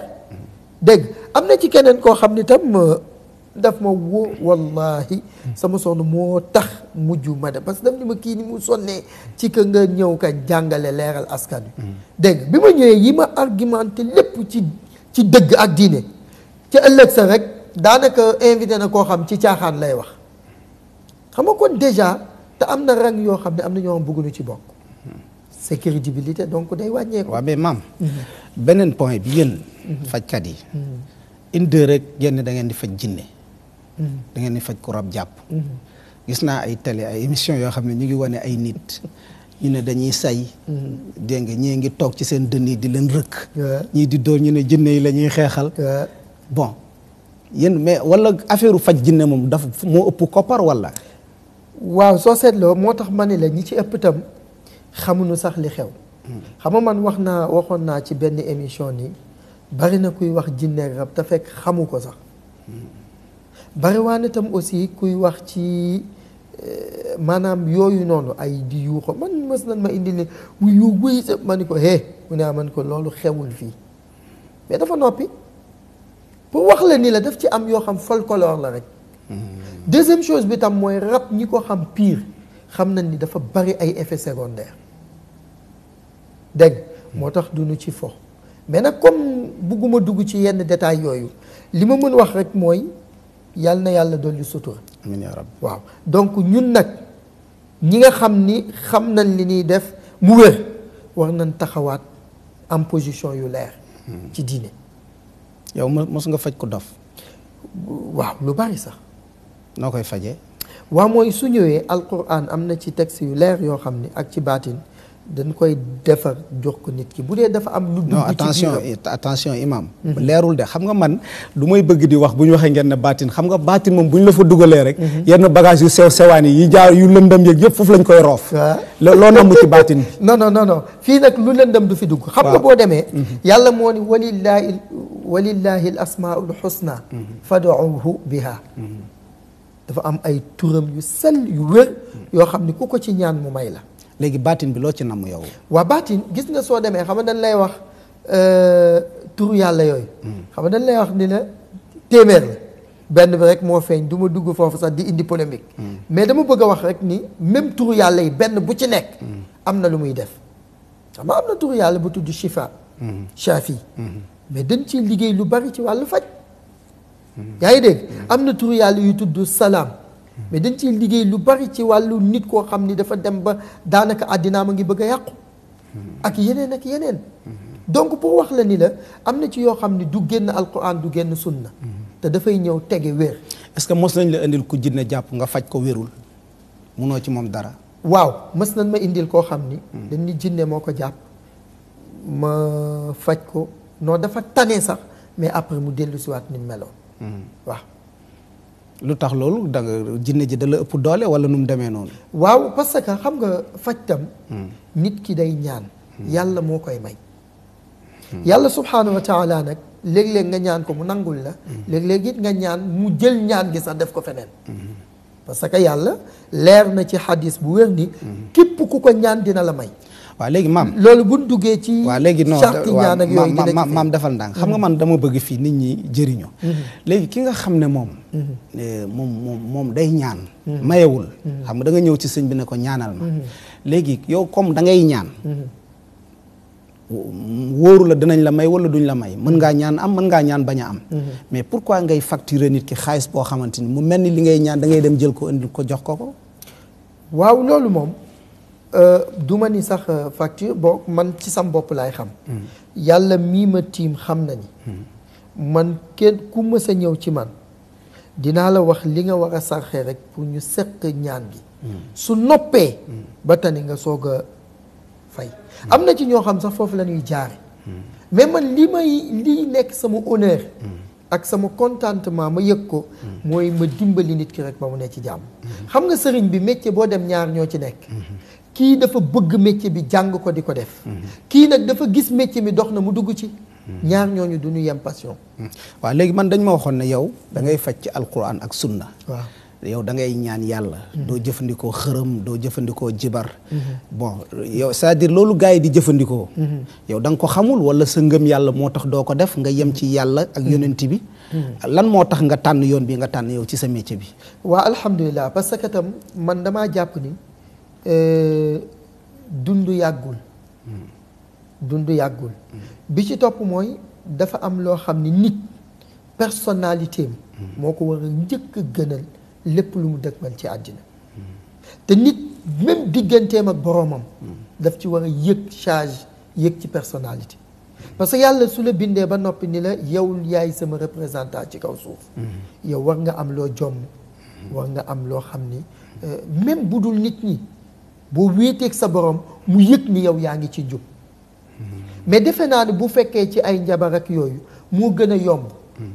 dégg am na ci keneen koo xam ni tam euh, daf ma woo wallahi sama sonn moo tax mujj ma de parce que daf ma kii ni mu sonnee ci ka nga ñëw ka jàngale leeral askan wi mm-hmm. dégg bi ma ñëwee yi ma argumenté lépp ci ci dëgg ak diine ca ëllëg sa rek daanaka invité na koo xam ci caaxaan lay wax xam nga kon déjà te am na rang yoo xam ne am na ñoo xam bëgguñu ci bokk sa crédibilité donc day wàññeeku. waaw mais maam. Mm-hmm. beneen point bi yéen. Mm-hmm. fajkat yi. Mm-hmm. une deux rek yéen da ngeen di faj jinne dangeen di faj ku rab jàpp. gis naa ay tele ay émission yoo xam ne ñu ngi wane ay nit. ñu ne dañuy say. dégg nga ñii ngi toog ci seen dënn yi di leen rëkk. ñii di dóor ñu ne jinne yi la ñuy xeexal. bon yéen mais wala affaire faj jinne moom dafa moo ëpp koppar wala. waaw soo seetloo moo tax ma ne la ñi ci ëpp itam xamuñu sax li xew. xam nga man wax naa waxoon naa ci benn émission nii bari na kuy wax jinne rab te fekk xamu ko sax. bariwaan tam aussi kuy wax ci eh, maanaam yooyu noonu ay di yuuxu man mës nañ ma indi ne mu yu wuy sa ma ni ko hé mu ne ah, man ko loolu xewul fii mais dafa noppi pour wax la ni la def ci am yoo xam folklore la rek. Hmm. deuxième chose bi tam mooy rab ñi ko xam pire xam nañ ni dafa bari ay effets secondaires. dégg moo tax duñu ci fo mais nag comme bugguma dugg ci yenn détails yooyu li ma mën wax rek mooy yàlla na yàlla dolli sutura. amiin yaa waaw donc ñun nag ñi nga xam ni xam na li ñuy def mu wér war nañ taxawaat am position yu leer. Hmm. ci diine. yow mos nga faj ko dof. waaw lu bari sax. noo koy fajee. waaw mooy su ñëwee alquran am na ci text yu leer yoo xam ni ak ci baatin. dan koy defar jox ko nit ki bu dee dafa am. lu dugg ci non mhm. leerul de xam nga man lu may bëgg di wax bu ñu waxee ngeen ne batin xam nga baatin moom bu ñu la fa dugalee rek. Mhm. yenn bagage yu sew sewaan yi yi jaar yu lëndëm yeeg yëpp foofu lañ koy roof. waaw ah. loo namm ci baatin. non non non non fii nag lu lëndëm du fi dugg. xam nga boo demee. Mhm. yàlla moo ni walillahi walillahi al asmaul husna fad'uhu biha dafa am ay turam yu sell yu wér yoo xam ni ku ko ci ñaan mu may la. léegi baatin bi loo ci namm yow. waa baatin gis nga soo demee xam nga dañ lay wax euh, turu yàlla yooyu. Hmm. xam nga dañ lay wax ni la téeméer la. benn bi rek moo feeñ duma dugg foofu sax di indi polémique. Hmm. mais dama bëgg a wax rek ni même turu yàlla yi benn bu ci nekk. Hmm. am na lu muy def. xam nga am na turu yàlla bu tudd Shifa. Shafi. mais dañ ciy liggéey lu bari ci wàllu faj. yaa ngi dégg am na turu yàlla yu tudd Salaam. mais dañ ciy liggéey lu bari ci wàllu nit koo xam ni dafa dem ba daanaka àddinaa ma ngi bëgg a yàqu ak yeneen ak yeneen donc pour wax la ni la am na ci yoo xam ne du génn alquran du génn sunna te dafay ñëw tege wér est-ce que mos nañ la indil ku jinne jàpp nga faj ko wérul munoo ci moom dara waaw mës nañ ma indil koo xam ni dañ ni jinne moo ko jàpp ma faj ko non dafa tane sax mais après mu dellu siwaat ni meloon hmm. waaw lu tax loolu da nga jinne ji da la ëpp doole wala nu mu demee noonu. waaw parce que xam nga faj tam. Hmm. nit ki day ñaan. Hmm. yàlla moo koy may. Hmm. yàlla subhaanahu wa taala nag léeg-léeg nga ñaan ko mu nangul la. léeg-léeg it nga ñaan mu jël ñaan gi sax def ko feneen. parce que yàlla leer na ci xadis bu wér ni. képp ku ko ñaan dina la may. waaw léegi maam loolu bu duggee ci waaw léegi non maam maam defal ndànk xam nga mm-hmm. man dama bëgg fii nit ñi jëriñu mm-hmm. léegi ki nga xam ne moom mm-hmm. eh, moom moom moom day ñaan mayewul xam nga dangay ñëw ci sëñ bi ne ko ñaanal léegi yow comme da ngay ñaan wóoru la dinañ la may wala duñ la may mën ngaa ñaan am mën ngaa ñaan bañ a am mais pourquoi ngay facturer nit ki xaalis boo xamante ni mu mel ni li ngay ñaan da ngay dem jël ko indil ko jox ko ko waaw loolu moom Euh, du ma ni sax euh, facture boo man ci sam bopp laay xam. Hmm. yàlla mii ma tiim xam na ni. Hmm. man kenn ku mës ñëw ci man dinaa la wax li nga war a sarxee rek pour ñu seq ñaan gi. Hmm. su noppee. ba tani nga soog a fay. am na ci ñoo xam sax foofu lañuy ñuy jaare mais man li may liy nekk sama honneur. ak sama contentement ma yëg ko. mooy ma dimbali nit ki rek ba mu ne ci jàmm. xam nga sëriñ bi métier boo dem ñaar ñoo ci nekk. kii dafa bëgg métier bi jàng ko di ko def. kii nag dafa gis métier bi dox na mu dugg ci. ñaar ñooñu du ñu yem passion. waaw léegi man dañ ma waxoon na yaw da faj ci alquran ak sunna. waaw yow da ngay ñaan yàlla. Mm-hmm. doo jëfandikoo xërëm doo jëfandikoo jibar. Mm-hmm. bon yow cest à loolu gars yi di jëfandikoo. Mm-hmm. yow da ko xamul wala sa ngëm yàlla moo tax doo ko def nga yem ci yàlla ak yonent bi. lan moo tax nga tànn yoon bi nga tànn yow ci sa métier bi. waaw alhamdulilah parce que tam man damaa jàpp ni. Euh, dund yàggul dund yàggul bi ci topp mooy dafa am loo xam ni nit personnalité moo ko war a njëkk a gënal lépp lu mu dëgmal ci àddina te nit même digganteem ak boroomam daf ci war a yëg charge yëg ci personnalité parce que yàlla su la bindee ba noppi ni la yow yaay sama représentant ci kaw suuf yow war nga am loo jomm war nga am loo xam ni euh, même bu dul nit ñi boo wéeteeg sa borom mu yëg ni yow yaa ngi ci jub mais defe naa ne bu fekkee ci ay njabar ak yooyu moo gën a yomb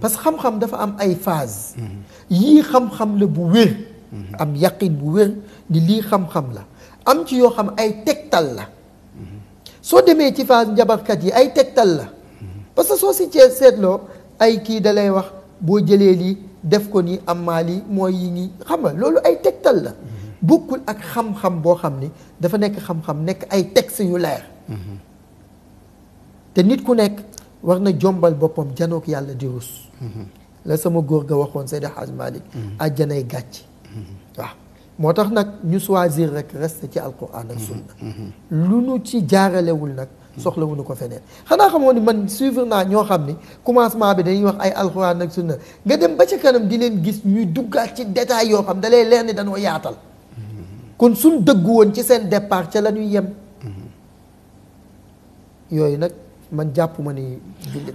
parce que xam-xam dafa am ay phase yii xam-xam la bu wér am yaqin bu wér ni lii xam-xam la am ci yoo xam ay tegtal la soo demee ci phase njabarkat yi ay tegtal la parce que soo si cee seetloo ay kii dalay wax boo jëlee lii def ko ni am maa lii mooy yi ngi xam nga loolu ay tegtal la bokkul ak xam-xam boo xam ni dafa nekk xam-xam nekk ay textes yu leer mhm. te nit ku nekk war na jombal boppam janook yàlla di rus mhm. la sama góor ga waxoon Seydi Hadj Malick mhm. àjjanay gàcc waaw moo tax nag ñu choisir rek reste ci alquran ak sunna lu nu ci jaaralewul nag soxla wuñu ko feneen xanaa xamoon ni man suivre naa ñoo xam ni commencement bi dañuy wax ay alquran ak sunna nga dem ba ca kanam di leen gis ñuy duggaat ci détail yoo xam da lay leer ni dañoo yaatal kon suñ dëgg woon ci seen départ ca la ñuy yem yooyu nag man jàpp ma ni.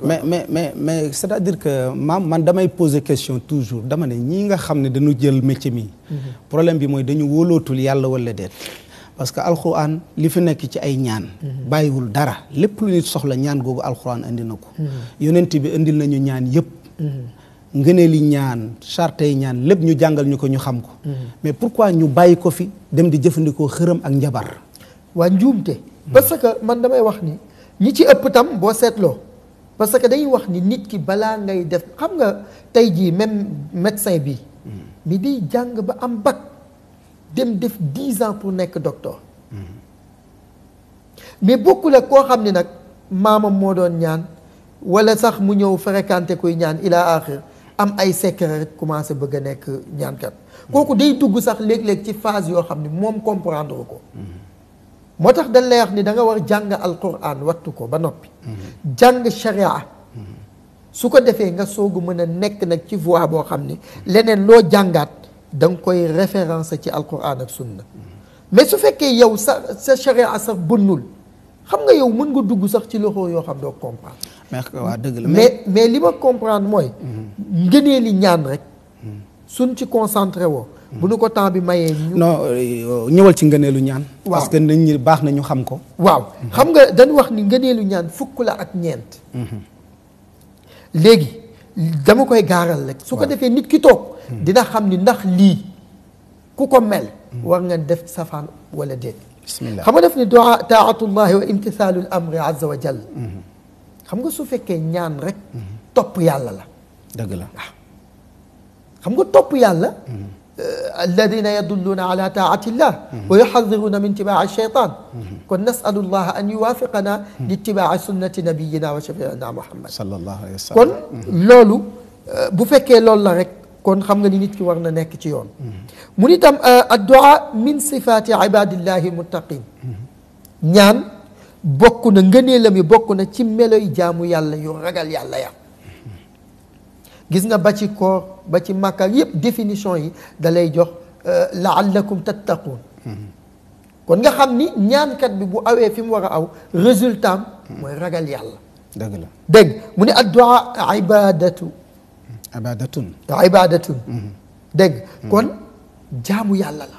mais mais mais mais c'est-à-dire que maam man damay poser question toujours dama ne ñii nga xam ne dañu jël métier mi. problème bi mooy dañu wóolootul yàlla wala déet. parce que alxuraan li fi nekk ci ay ñaan. bàyyiwul dara lépp lu nit soxla ñaan googu alxuraan indi na ko. Mm-hmm. yonent bi indil nañu ñaan yëpp. Mm-hmm. ngëneeli ñaan charte yi ñaan lépp ñu jàngal ñu ko ñu xam ko. Hmm. mais pour quoi ñu bàyyi ko fi dem di jëfandikoo xërëm ak njabar. waa njuumte. Hmm. parce que man damay wax ni ñi ci ëpp tam boo seetloo parce que dañuy wax ni nit ki balaa ngay def xam nga tey jii même médecin bi. Hmm. mi di jàng ba am bac dem def dix ans pour nekk docteur. mais bokkul ak koo xam ni nag maamam moo doon ñaan wala sax mu ñëw fréquenté kuy ñaan ila axir am ay secret rek commencé bëgg a nekk ñaankat kooku day dugg sax léeg-léeg ci phase yoo xam ne moom comprendre ko moo tax dañ lay ni da nga war jàng alquran wattu ko ba noppi jàng sharia su ko defee nga soogu mën a nekk nag ci voie boo xam ni leneen loo jàngaat danga koy référence ci alquran ak sunna mais su fekkee yow sa sa sharia sax bënnul xam nga yow mën nga dugg sax ci loxo yoo xam doo comprendre waaw dëgg la mais mais li ma comprendre mooy. ngënee li ñaan rek. suñ ci concentré woo. bu nu ko temps bi mayee ñu. Euh, ñëwal ci ngëneelu ñaan. waaw parce que nit ñi baax nañu xam ko. waaw xam nga dañ wax ni ngëneelu ñaan fukk la ak ñeent. Mm-hmm. léegi dama koy gaaral rek. su ko defee nit ki toog. Mm-hmm. dina xam ni ndax lii ku ko mel. war nga def safaan wala déet. bismillah xam nga def ni doa taatullahi wa imtisaalul amri azza wa xam nga su fekkee ñaan rek. topp yàlla la. dëgg la waaw ah. xam nga topp yàlla. Eh, alladina yadulluuna ala taatillah wa yuxadiruna min tibaa cheytaan kon nasalu llah an yuwaafiqana li tibaa sunnati nabiyina wa shafiina muhammad sallallahu alayhi wa sallam kon loolu eh, bu fekkee loolu la rek kon xam nga ni nit ki war na nekk ci yoon mu ni tam eh, adduaa min sifaati ibadillahi almuttaqin ñaan bokk na ngëneelam yi bokk na ci meloy jaamu yàlla yu ragal yàlla ya gis nga ba ci koor ba ci màkka yépp définition yi da lay jox euh, laallakum tattaquun kon nga xam ni ñaankat bi bu awee fi mu war a aw résultat mooy ragal yàlla dëgg dégg mu ne addua ibadatu ibadatun ibadatun mm-hmm. kon jaamu yàlla la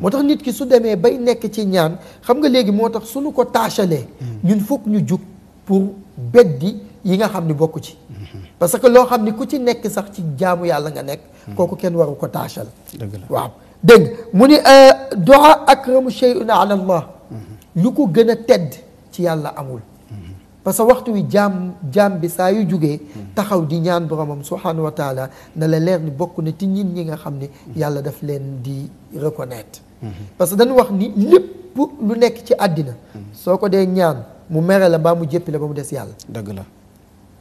moo tax nit ki su demee bay nekk ci ñaan xam nga léegi moo tax suñu ko taachalee ñun fokk ñu jug pour beddi yi nga xam ni bokku ci parce que loo xam ni ku ci nekk sax ci jaamu yàlla nga nekk kooku kenn waru ko taachal waaw dégg mu ni euh, doa akramu shay'un ala allah mhm. lu ko gën a tedd ci yàlla amul parce que waxtu wi jaam jaam bi saa yu jugee taxaw di ñaan boromam subhanahu wa taala na la leer ni bokk na ti ñin ñi nga xam ne yàlla daf leen di reconnaître parce que dañu wax ni lépp lu nekk ci àddina soo ko dee ñaan mu mere la mbaa mu jéppi la ba mu des yàlla dëgg la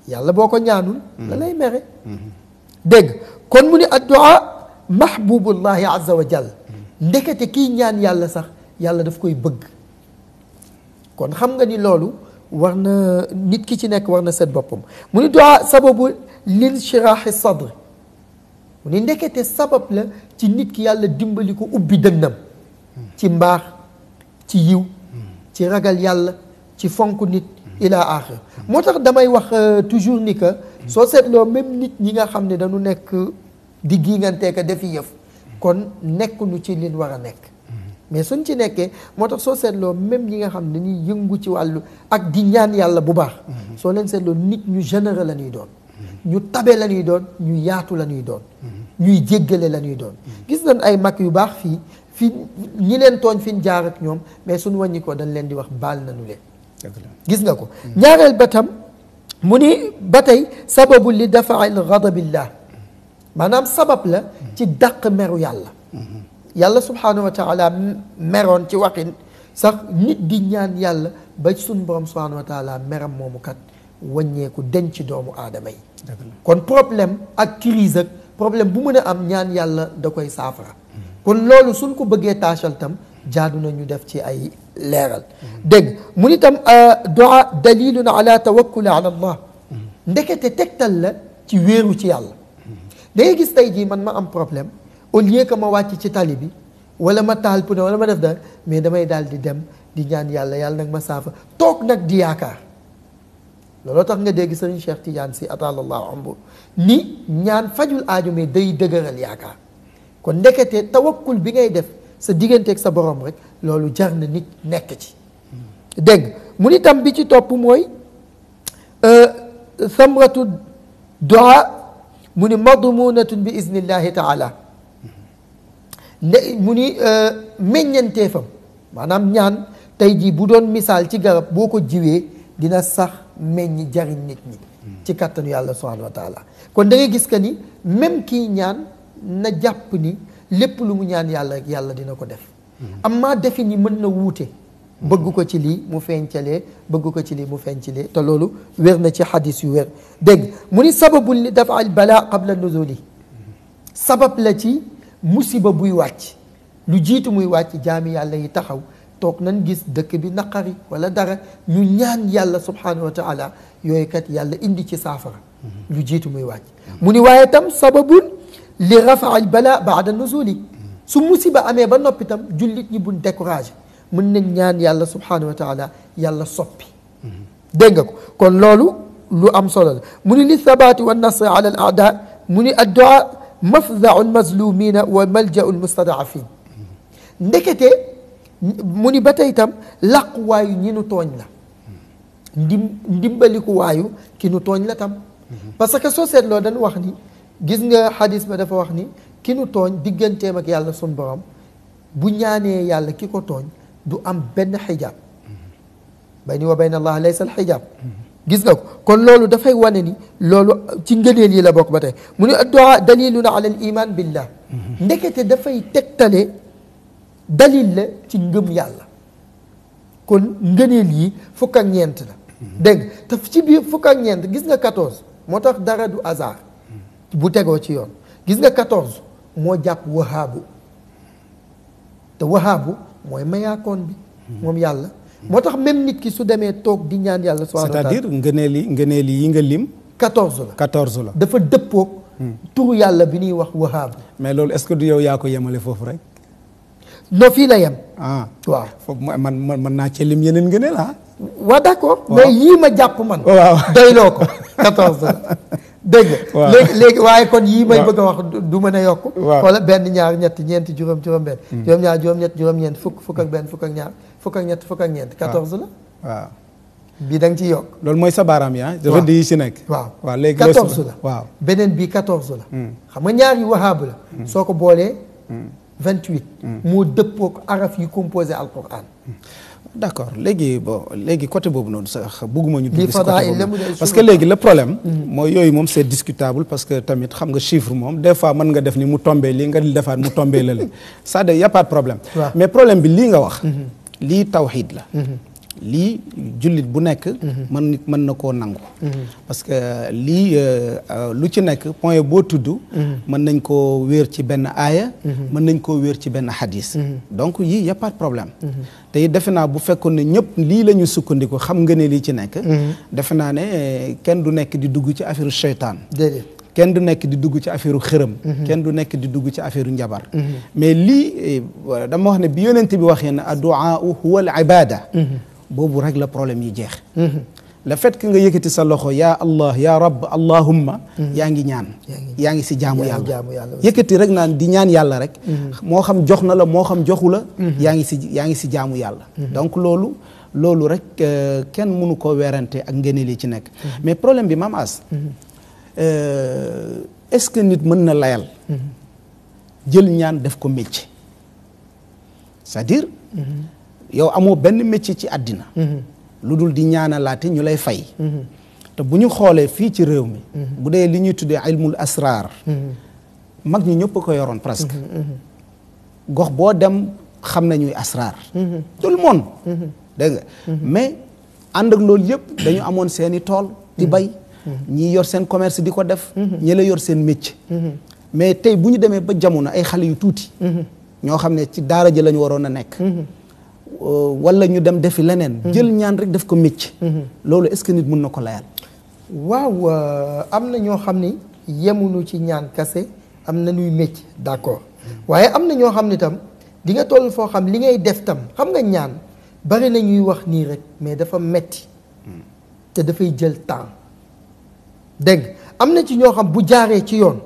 yàlla boo ko ñaanul mm-hmm. la lay mere mm-hmm. dégg kon mu ni addu'a mahbubullahi azza wa jal mm-hmm. ndekete kiy ñaan yàlla sax yàlla daf koy bëgg kon xam nga ni loolu war na nit ki ci nekk war na seet boppam mu ni doa sababu lil shiraahi sadr mu ni ndekete sabab la ci nit ki yàlla dimbali ko ubbi dënnam ci mbaax ci yiw ci ragal yàlla ci fonk nit ilaa axir moo tax damay wax euh, toujours ni que soo seetloo même nit ñi nga xam ne dañu nekk di giinganteeka defi yëf kon nekkuñu ci lin war a nekk mais suñ ci nekkee moo tax soo seetloo même ñi nga xam ne dañuy yëngu ci wàllu ak di ñaan yàlla bu baax. Mhm. soo leen seetloo nit ñu généreux lañuy doon. Mhm. ñu tabe la ñuy doon ñu yaatu la ñuy doon. Mhm. ñuy jéggale la ñuy doon. gis ay mag yu baax fii fii ñi leen tooñ fi ñu jaar ñoom mais suñ wàññi dañ leen di wax baal nañu leen. gis nga ko ñaareel ba tam mu ni ba tey sababu li dafa al ghadabillah maanaam sabab la ci dàq meru yàlla. yàlla subhaanahu wa taala meroon ci waxin sax nit di ñaan yàlla ba suñ borom subhaanahu wa taala meram moomu kat wàññeeku ci doomu aadama kon problème ak crise ak bu mën a am ñaan yàlla da koy saafara kon loolu suñ ko bëggee taachal tam jaadu na ñu def ci ay leeral dégg mu ni tam euh, doa dalilun ala tawakkuli ala allah mm. ndekete tegtal la ci wéeru ci yàlla mm. da ngay gis tey jii man ma am problème au lieu que ma wàcc ci tali bi wala ma taal pneu wala ma def dara mais damay daal di dem di ñaan yàlla yàlla nag ma saafa toog nag di yaakaar looloo tax nga dégg sëriñ Cheikh Tidiane si atalallahu ambu ni ñaan fajul aajo mais day dëgëral yaakaar kon ndekete tawakkul bi ngay def sa digganteek sa borom rek loolu jar na nit nekk ci dégg mu ni tam bi ci topp mooy euh, samratu doa mu ni madmunatun bi iznillahi taala mu ni euh, fa maanaam ñaan tey jii bu doon misaal ci garab boo ko jiwee dina sax meññ jariñ nit ñi ci kàttanu yàlla subhanahu wa kon da gis que ni même kii ñaan na jàpp ni lépp lu mu ñaan yàlla yàlla dina ko def amma defi ni mën na wuute bëgg ko ci lii mu fencalee bëgg ko ci lii mu fencalee te loolu wér na ci xadis yu wér dégg mu ni sababul li dafa al balaa qabla nuzuli sabab la ci musiba buy wàcc lu jiitu muy wàcc jaami yàlla yi taxaw toog nan gis dëkk bi naqari wala dara ñu ñaan yàlla subhanahu wa taala yooyu kat yàlla indi ci saafara mm-hmm. lu jiitu muy wàcc mu ni waaye tam sababun li rafaa al bala baada nuzuli mm-hmm. su musiba amee ba noppi tam jullit ñi buñ découragé mën nañ ñaan yàlla subhanahu wa taala yàlla soppi mm-hmm. dégg ko kon loolu lu am solo la mu ni li thabaati wa nasr ala al mu ni addu'a mafzaul mazlumina wa maljaul mustadafin ndekete mu ni ba tey itam làquwaayu ñi nu tooñ la ndim ndimbalikuwaayu ki nu tooñ la tam parce que soo seetloo dañu wax ni gis nga xadis ba dafa wax ni ki nu tooñ digganteem ak yàlla sun borom bu ñaanee yàlla ki ko tooñ du am benn xijaab bayni wa bayna allah laysa al xijaab gis nga ko kon loolu dafay wane ni loolu ci ngëneel yi la bokk ba tey mu ne addu'a dalilun ala al iman billah mhm. ndekete dafay tegtale dalil la ci ngëm yàlla kon ngëneel yi fukk ak la mhm. dégg te ci biir fukk ak gis nga 14 moo tax dara du hasard mhm. bu tegoo ci yoon gis nga 14 moo jàpp wahaabu te wahaabu mooy mayaakoon bi moom yàlla moo tax même nit ki su demee toog di ñaan yàlla subhanahu wa taala c'est-à-dire ngëneel yi ngëneel yi nga lim quatorze la quatorze la dafa dëppoog hmm. turu yàlla bi ñuy wax wahaab mais loolu est-ce que du yow yaa ko yemale foofu rek non fii la yem ah waaw foofu man man mën naa ci lim yeneen ngëneel ah waa d'accord mais yii ma jàpp man doyloo ko quatorze la dégg nga léegi léegi waaye kon yii may bëgg a wax du mën a yokk wala benn ñaar ñett ñeent juróom juróom benn hmm. juróom ñaar juróom ñett juróom ñeent fukk fukk ak benn fukk ak ñaar fukk ak ñett fukk ak ñeent quatorze la bii da nga ciy yokk loolu mooy sa baaraam yaa dafa di si nekk waaw waaw léegi quatorze la waaw beneen bii quatorze la hmm. xam nga ñaar yu wahaabu la hmm. soo ko boolee vingt huit moo dëppook araf yi composé alquran d' accord léegi bon léegi côté boobu noonu sax bëgguma ñu dugg si côté parce que léegi la problème mm-hmm. mooy yooyu moom c' discutable parce que tamit xam nga chiffre moom des fois mën nga def ni mu tombee lii nga defaat mu tombee lële ça de y a pas de problème mais problème bi lii nga wax mm-hmm. lii tawxiid la mm-hmm. lii jullit bu nekk mhm. mën mën na koo nangu mhm. parce que euh, lii euh, euh, lu ci nekk point boo tudd mhm. mën nañ koo wéer ci benn aaya mën nañ koo wéer ci benn xadis donc yii y a de problème te defe naa bu fekkoon ne ñëpp lii la sukkandiku xam nga ne lii ci nekk defe naa ne kenn du nekk di dugg ci affaire seytaan déedéet kenn du nekk di dugg ci affaire xërëm kenn du nekk di dugg ci affaire njabar mais lii dama wax ne bi yonent bi waxee ne addu'a huwa al ibada boobu rek la problème yi jeex mhm. la fait que nga yëkkati sa loxo yaa allah yaa rabb allahumma mhm. yaa ngi ñaan yaa ngi si jaamu yàlla yëkkati rek naan di ñaan yàlla rek mhm. moo xam jox na la moo xam joxu la yaa ngi si yaa ngi si jaamu yàlla donc loolu loolu rek euh, kenn mënu koo werante ak ngëneel yi ci nekk mais problème bi maam as euh, ce que nit mën na layal jël ñaan def ko métier c'est-à-dire yow amoo benn métier ci àddina mhm. lu dul di ñaanalaate ñu lay fay mhm. te bu ñu xoolee fii ci réew mi mhm. bu dee li ñuy tuddee ilmul asraar mag ñi ñëpp ko yoroon presque gox boo dem xam nañuy asraar tout le monde nga mais ànd ak loolu yëpp dañu amoon seeni tool di bay ñi yor seen commerce di ko def ñi yor seen métier mais tey bu ñu demee ba jamono ay xale yu tuuti ñoo xam ne ci daara ji waroon a nekk Euh, wala ñu dem defi leneen. jël ñaan rek def ko mécc loolu est-ce nit mën na ko layal. waaw euh, am na ñoo xam ni yemuñu ci ñaan kase am na ñuy mécc d'accord waaye am na ñoo xam ni tam di nga toll foo xam li ngay def tam xam nga ñaan bari na ñuy wax nii rek mais dafa metti te dafay jël temps dégg am na ci ñoo xam bu jaaree ci yoon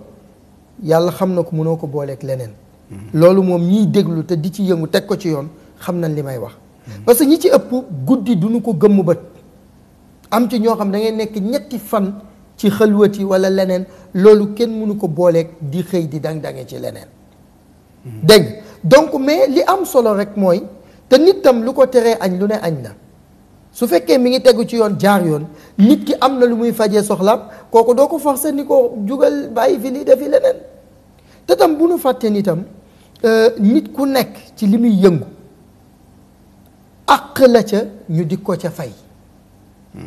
yàlla xam na ko noo ko booleek leneen. Hmm. loolu moom ñiy déglu te di ci yëngu teg ko ci yoon. xam nañ li may wax. parce que ñi ci ëpp guddi duñu ko gëmm bët. am ci ñoo xam da ngay nekk ñetti fan ci xëlwati wala leneen loolu kenn mënu ko booleeg di xëy di dang-dange ci leneen. dégg donc mais li am solo rek mooy te nit tam lu ko teree añ lu ne añ na. su fekkee mi ngi tegu ci yoon jaar yoon nit ki am na lu muy fajee soxlaam kooku doo ko forcer ni ko jugal bàyyi fi lii defi leneen te tam bu nu fàtte nitam euh, nit ku nekk ci li muy yëngu. àq la ca ñu di ko ca fay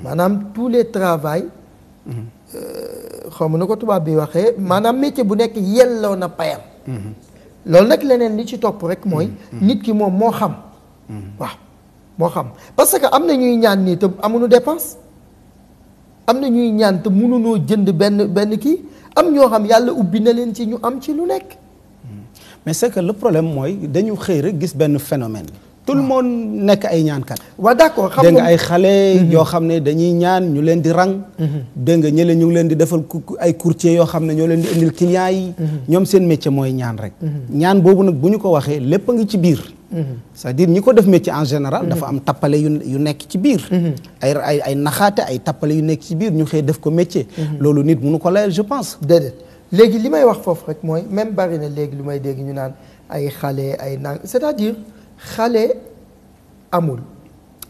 maanaam tous les travail euh, xaw ma na ko tubaab bi waxee maanaam métier bu nekk yelloo na payam loolu nag leneen li ci topp rek mooy nit ki moom moo xam waaw moo xam parce que am na ñuy ñaan nii te amuñu dépense am na ñuy ñaan te mënunoo jënd benn benn kii am ñoo xam yàlla ubbi na leen ci ñu am ci lu nekk mais c'est que le problème mooy dañu xëy rek gis benn phénomène tout le ah. monde nekk ay ñaankat. waaw d'accord xam nga ay xale. Mhm. yoo xam ne dañuy ñaan ñu leen di rang. Mhm. dégg nga ñële ñu ngi leen di defal ay courtier yoo xam ne ñoo leen di indil client yi. Mhm. ñoom seen métier mooy ñaan rek. ñaan boobu nag bu ñu ko waxee lépp a ngi ci biir. c'est-à-dire ñi ko def métier en général. dafa am tappale yu yu nekk ci biir. ay ay ay naxaate ay tappale yu nekk ci biir ñu xëy def ko métier. loolu nit mënu ko layal je pense. déedéet léegi li may wax foofu rek mooy même bari na léegi lu may dégg ñu naan ay xale ay naan c'est-à-dire. xale amul.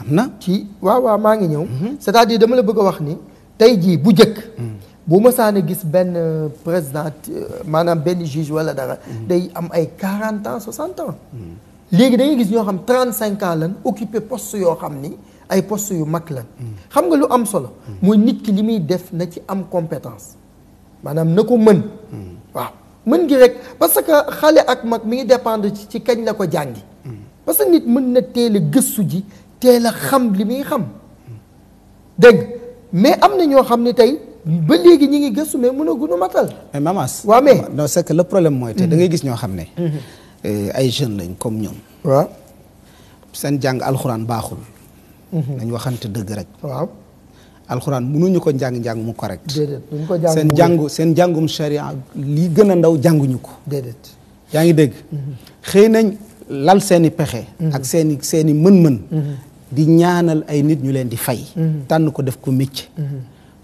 am na ci waaw waaw maa ngi ñëw. Mhm. c'est-à-dire dama la bëgg wax ni. tey jii bu njëkk. Mm. bu mësaan a gis benn euh, président euh, maanaam benn juge wala dara. Mm. day am ay quarante ans soixante ans. Mm. léegi da gis ñoo xam trente cinq ans lan occupé post yoo xam ni ay post yu mag lan. xam nga lu am solo. mooy nit ki li muy def na ci am compétence. maanaam na ko mën. waaw mën gi rek parce que xale ak mag mi ngi dépendre ci kañ la ko jàngi. parce que nit mën na teel a gëstu ji teel a xam li muy xam dégg mais am na ñoo xam ne tey ba léegi ñi ngi gëstu mais mën a gunu matal. mais mamas waaw mais non c'est que le problème mooy te da ngay mhm. gis ñoo xam ne. Mhm. Euh, ay jeunes lañ comme ñoom. jàng alxuraan baaxul. Mhm. nañ waxante dëgg rek. waaw mënuñu ko njàng njàng mu correct. ko jàng seen jàngu seen jàngum charia lii gën a ndaw jànguñu ko. yaa ngi dégg. xëy nañ. lal seen i pexe mm-hmm. ak seen i seen i mën-mën mm-hmm. di ñaanal ay nit ñu leen di fay mm-hmm. tànn ko def ko métier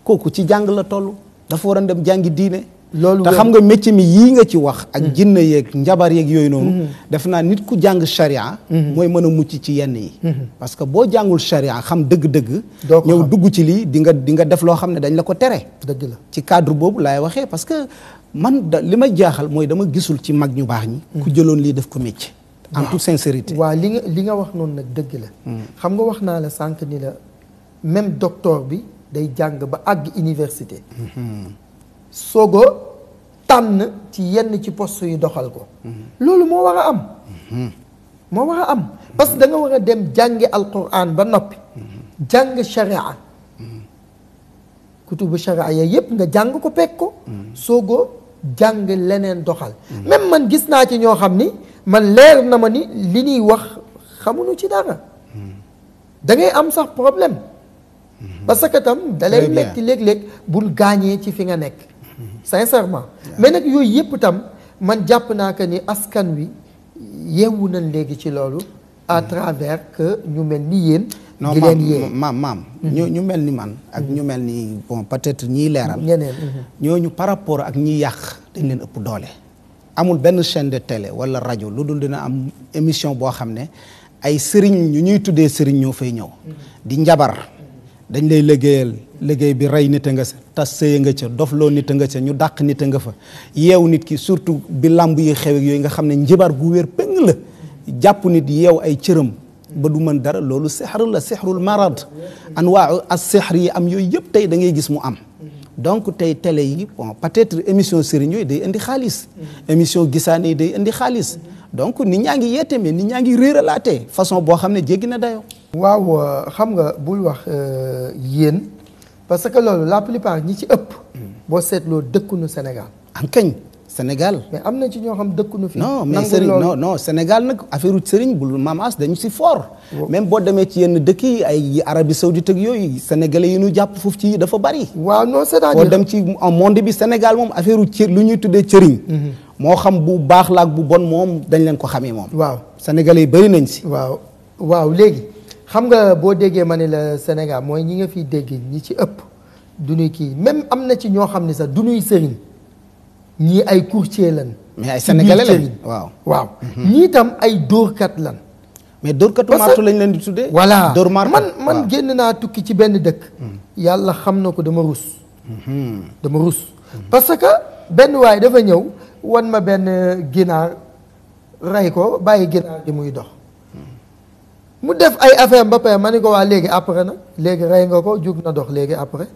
kooku ci jàng la toll dafa waroon dem jàngi diine loolu te xam nga métier mi yii nga ci wax ak jinne yeeg njabar yeeg yooy noonu def naa nit ku jàng charia mooy mën a mucc ci yenn yi parce que boo jàngul charia xam dëgg-dëgg ñëw dugg ci lii di nga di def loo xam ne dañ la ko tere dëgg la ci cadre boobu laay waxee parce que man da li ma jaaxal mooy dama gisul ci mag ñu baax en toute sincérité waaw li nga li nga wax noonu nag dëgg la. Hmm. xam nga wax naa la sànq ni la même docteur bi day jàng ba àgg université. Hmm. soog a tànn ci yenn ci post yu doxal ko. Hmm. loolu moo war a am. moo war a am parce que da war a dem jàngi alquran ba noppi. jàng sharia. kutubu sharia yëpp nga jàng ko pegg ko. soogoo jàng leneen doxal. même man gis naa ci ñoo xam ni. man leer na ma ni li ñuy wax xamuñu ci dara da am sax problème parce que tam da lay metti léeg-léeg bu gaañee ci fi nga nekk sincèrement mais nag yooyu yëpp tam man jàpp naa que ni askan wi yeewu nañ léegi ci loolu à mm-hmm. travers que ñu mel ni yéen non maam maam maam mm-hmm. ñu ñu mel ni man ak mm-hmm. ñu mel ni bon peut-être ñiy leeral ñeneen ñooñu par rapport ak ñiy yàq dañ leen ëpp doole amul benn chaîne de télé wala rajo lu dul dina am émission boo xam ne ay sëriñ ñu ñuy tuddee sëriñ ñoo fay ñëw di njabar dañ lay liggéeyal liggéey bi rey nit a nga sa tas sëya nga ca dofloo nit nga ca ñu dàq nit a nga fa yeew nit ki surtout bi làmb yi xew yooyu nga xam ne njibar gu wér la jàpp nit yeew ay cëram ba du mën dara loolu sixar la sixrul marad anwaa as sixr yi am yooyu yëpp tey da ngay gis mu am donc tey télé yi bon peut-être émission sëriñ yooyu day indi xaalis. Mm-hmm. émission gisaane yi day indi xaalis. Mm-hmm. donc nit ñaa ngi yeete mais nit ñaa ngi réeralaatee façon boo xam ne jéggi na dayoo. waaw euh, xam nga bul wax euh, yéen parce que loolu la plupart ñi ci ëpp. Mm. boo seetloo dëkkunu Sénégal. am kañ. Sénégal. mais am na ci ñoo xam dëkkuñu fi. non mais Serigne non non Sénégal nag affaire Serigne bu maam as dañu si foor même boo demee ci yenn dëkk yi ay Arabie Saoudite ak yooyu sénégalais yi ñu jàpp foofu ci dafa bari. waaw non c'est-à-dire boo dem ci monde bi Sénégal moom affaire cër lu ñuy tuddee cëriñ. Mhm. moo xam bu baax la bu bon moom dañ leen ko xamee moom. waaw sénégalais yi bari nañ si. waaw waaw léegi xam nga boo déggee ma ni la Sénégal mooy ñi nga fiy dégg ñi ci ëpp du ñuy kii même am na ci ñoo xam ne sax du ñuy ñii ay courtier lan. mais ay sénégalais lan waaw waaw. Mhm. ñii tam ay dóorkat lan. mais dóorkatu martu lañ leen di tuddee. voilà dóor martu man man génn naa tukki ci benn dëkk. Mhm. yàlla xam na ko dama rus. Mhm. dama rus parce que benn waay dafa ñëw wan ma benn ginaar rey ko bàyyi ginaar gi muy dox. mu def ay affaire ba pare ma ne ko waa léegi après na léegi rey nga ko jug na dox léegi après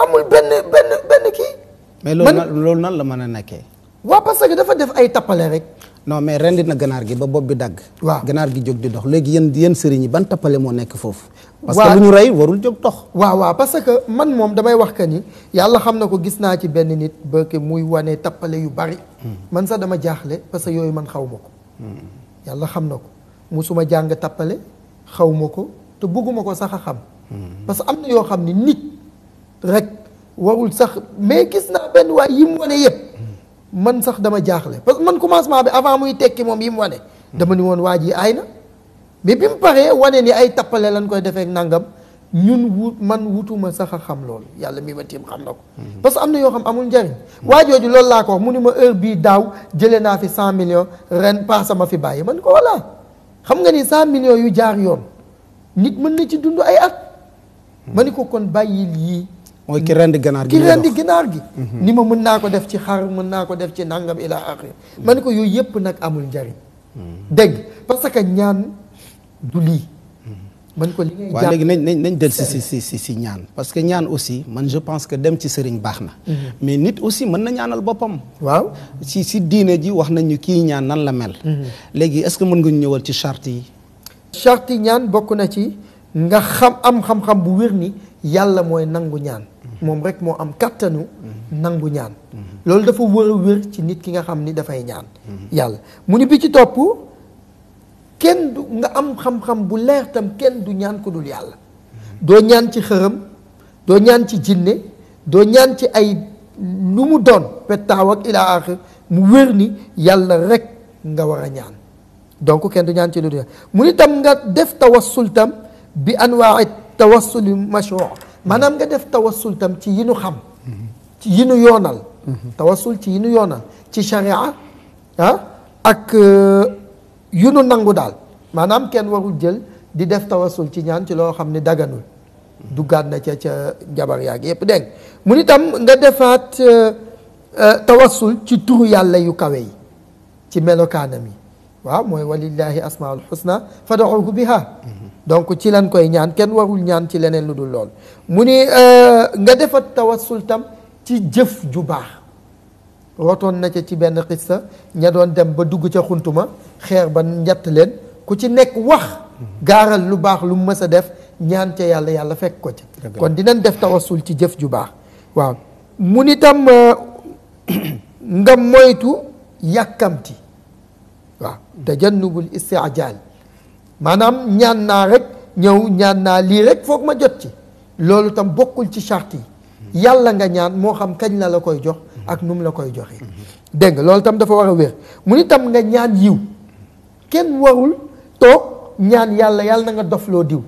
amul benn benn benn kii. mais loolu nan la mën a nekkee. waaw parce que dafa def ay tappale rek. no mais rendi na ganaar gi ba bopp bi dagg. waaw ganaar gi jóg di dox léegi yéen yéen sëriñ yi ban tappale moo nekk foofu. parce que bu ñu rey warul jóg dox. waa waa parce que man moom damay wax que ni yàlla xam na ko gis naa ci benn nit ba ke muy wanee tappale yu bari. Hmm. man sax dama jaaxle parce que yooyu man xaw ma ko. Hmm. yàlla xam na ko musuma jàng tappale xaw ma ko te bëgguma ko sax a xam. Hmm. parce que am na yoo xam ni nit warul sax mais gis naa benn waay yi mu wane yëpp man sax dama jaaxle parce que man commencement bi avant muy tekki moom yi mu wane. dama ni woon waaj yi aay na mais bi mu paree wane ni ay tappale lañ koy defee nangam ñun wut man wutuma sax a xam loolu yàlla mi ma tiim xam na ko. Mhm. parce que am na yoo xam amul njariñ. Mhm. waa jooju laa ko wax mu ni ma heure bii daaw jëlee naa fi cent millions ren paasa ma fi bàyyi man ko voilà xam nga ni cent millions yu jaar yoon nit mën na ci dund ay at. Mhm. ma ni ko kon bàyyil yii. mooy ki rendi ganaar gi ki rendi gi. Mhm. ni ma mën naa ko def ci xar mën naa ko def ci nangam ila axir ma ko yooyu yëpp nag amul njariñ. Mhm. dégg parce que ñaan du lii. Mhm. man ko li ngay waaw léegi nañ nañ nañ del si si si si ñaan parce que ñaan aussi man je pense que dem ci sëriñ baax na. mais nit aussi mën na ñaanal boppam. waaw si si diine ji wax nañu kii ñaan nan la mel. léegi est-ce que mën nga ñëwal ci charte yi. charte ñaan bokk na ci nga xam am xam-xam bu wér ni yàlla mooy nangu ñaan. moom rek moo am kàttanu mhm. nangu ñaan mhm. loolu dafa wër a wër ci nit ki nga xam ni dafay ñaan mhm. yàlla mu ni bi ci topp kenn du nga am xam-xam bu leer tam kenn du ñaan ku dul yàlla doo ñaan ci xërëm doo ñaan ci jinne doo ñaan ci ay lu mu doon pettaaw ak ilaa axir mu wér ni yàlla rek nga war a ñaan donc kenn du ñaan ci lu dul mu ni tam nga def tawassul tam bi anwaai tawassuli mashru maanaam nga def tawassul tam ci yi nu xam ci yi nu yoonal tawassul ci yi nu yoonal ci sharia ah ak euh, yu nu nangu daal maanaam kenn warul jël di def tawassul ci ñaan ci loo xam ne daganul duggaat na ca ca njabar yaag yépp dégg mun itam nga defaat euh, euh, tawassul ci turu yàlla yu kawe yi ci melokaanam yi waaw mooy walillahi asmaul husna fad'uhu biha donc ci lan koy ñaan kenn warul ñaan ci leneen lu dul lool mu ni euh, nga defat tawassul tam ci jëf ju baax rootoon na ca ci benn xissa ña doon dem ba dugg ca ma xeer ba njatt leen ku ci nekk wax gaaral lu baax lu mu mës a def ñaan ca yàlla yàlla fekk ko ca kon dinañ def tawassul ci jëf ju baax waaw mu ni tam euh, nga moytu yàkkamti waaw tajannubul istijaal maanaam ñaan naa rek ñëw ñaan naa lii rek foog ma jot ci loolu tam bokkul ci charte yi yàlla nga ñaan moo xam kañ la la koy jox ak nu la koy joxe. dégg nga loolu tam dafa war a wér mu ni tam nga ñaan yiw kenn warul toog ñaan yàlla yàlla na nga dofloo diw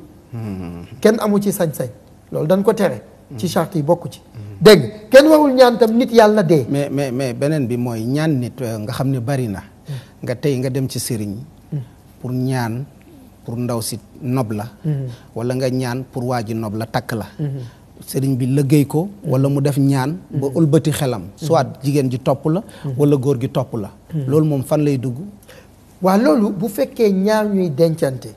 kenn amu ci sañ-sañ loolu dañ ko tere ci chart yi bokku ci dégg nga kenn warul ñaan tam nit yàlla dee mais mais mais beneen bi mooy ñaan nit euh, nga xam ni bari na nga tey nga dem ci sëriñ pour ñaan pour ndaw si nob la wala nga ñaan pour waa ji nob la takk la sëriñ bi liggéey ko wala mu def ñaan ba ëlbati xelam soit jigéen ji topp la wala góor gi topp la loolu moom fan lay dugg waaw loolu bu fekkee ñaar ñuy dencante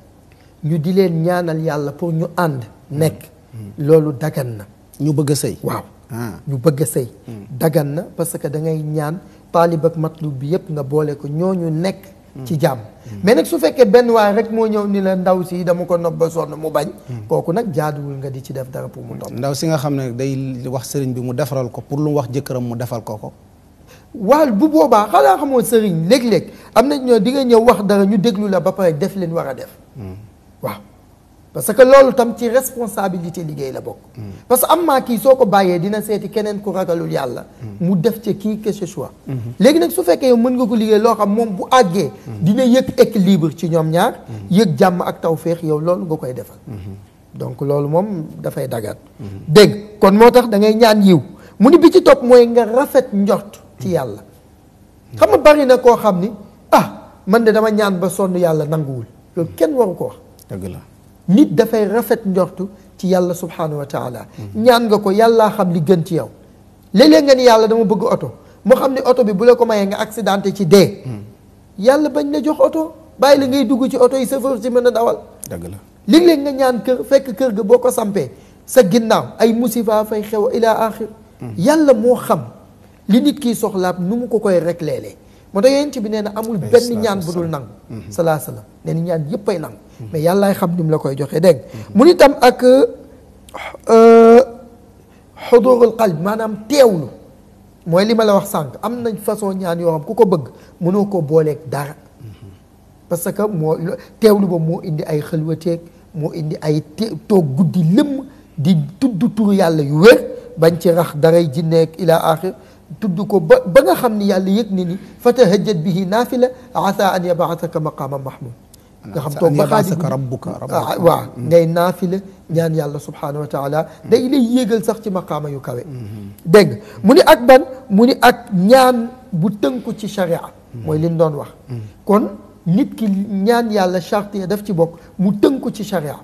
ñu di leen ñaanal yàlla pour ñu ànd nekk loolu dagan na ñu bëgg a sëy waaw ah. ñu bëgg a sëy hmm. dagan na parce que da ñaan taalib ak matlub bi yëpp nga boole ko ñoo ñu nekk mm. ci jàmm mm. mais nag su fekkee benn waay rek moo ñëw ni la ndaw si dama ko nob ba sonn mu bañ mm. kooku nag jaaduwul nga di ci def dara pour mu nob ndaw si nga xam ne day wax sëriñ bi mu defaral ko pour lu mu wax jëkkëram mu defal ko ko waaw bu boobaa xalaa xamoo sëriñ léeg-léeg am na ñoo di nga ñëw wax dara ñu déglu la ba pare def leen war a def parce que loolu tam ci responsabilité liggéey la bokk. Mm. parce que am maa kii soo ko bàyyee dina seeti keneen ku ragalul yàlla. Mm. mu def ca kii que ce mm-hmm. léegi nag su fekkee mën nga ko liggéey loo xam moom bu àggee. Mm. dina yëg équilibre ci ñoom ñaar. yëg jàmm ak tawféex yow loolu nga koy defal. Mm-hmm. donc loolu moom dafay dagaat. Mm-hmm. dégg kon moo tax da ngay ñaan yiw mu ni bi ci topp mooy nga rafet njort ci yàlla. xam nga bari na koo xam ni ah man de dama ñaan ba sonn yàlla nanguwul loolu kenn waru ko dëgg la. nit dafay rafet njortu ci yàlla subhanahu wa ñaan nga ko yàllaa xam li gën ci yow léeg nga ni yàlla dama bëgg oto moo xam ne oto bi bu la ko mayee nga accidenté ci dee yàlla bañ la jox oto bàyyi la ngay dugg ci oto yi chauffeur si mën a dawal dëgg la léeg nga ñaan kër fekk kër ga boo ko sampee sa ginnaaw ay musiba fay xew ila axir hmm. yàlla moo xam li nit kiy soxlaab nu mu ko koy rek léeg moo tax yonent bi nee na amul benn ñaan bu dul nangu mhm. salaa salaam nee na ñaan yëpp ay nangu mhm. mais yàllaay xam ni mu la koy joxee dégg mhm. mu ni tam ak xudurul euh, euh, qalb maanaam teewlu mooy li ma la wax sànq am nañ façon ñaan yoo xam ku ko bëgg mënoo koo booleeg dara parce que moo lu ba moo indi ay xëlwateeg moo indi ay toog guddi lëmm di tudd turu yàlla yu wér bañ ci rax daray jinneeg ila axir tudd ko ba ba nga xam ni yàlla yëg ne ni fatahajjat bihi naafila asa an yabaasaka maqaama mahmud nga xam toog ba xaadi rabbuka ah, ah, waaw ngay naafila ñaan yàlla subhanahu wa taala mm-hmm. day lay yéegal sax ci maqaama yu kawe mm-hmm. dégg mu ni ak ban mu ni ak ñaan bu tënku ci sharia mm-hmm. mooy li ñu doon wax kon nit ki ñaan yàlla charte ya daf ci bok mu tënku ci sharia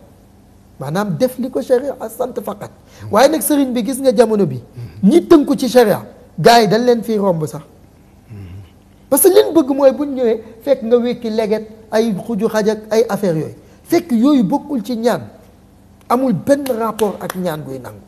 maanaam def li ko sharia sant faqat waaye nag sëriñ bi gis nga jamono bi ñi tënku ci sharia gars yi dañ leen fii romb sax parce que leen bëgg mooy bu ñëwee fekk nga wekki leget ay xuju xaj ay affaire yooyu fekk yooyu bokkul ci ñaan amul benn rapport ak ñaan guy nangu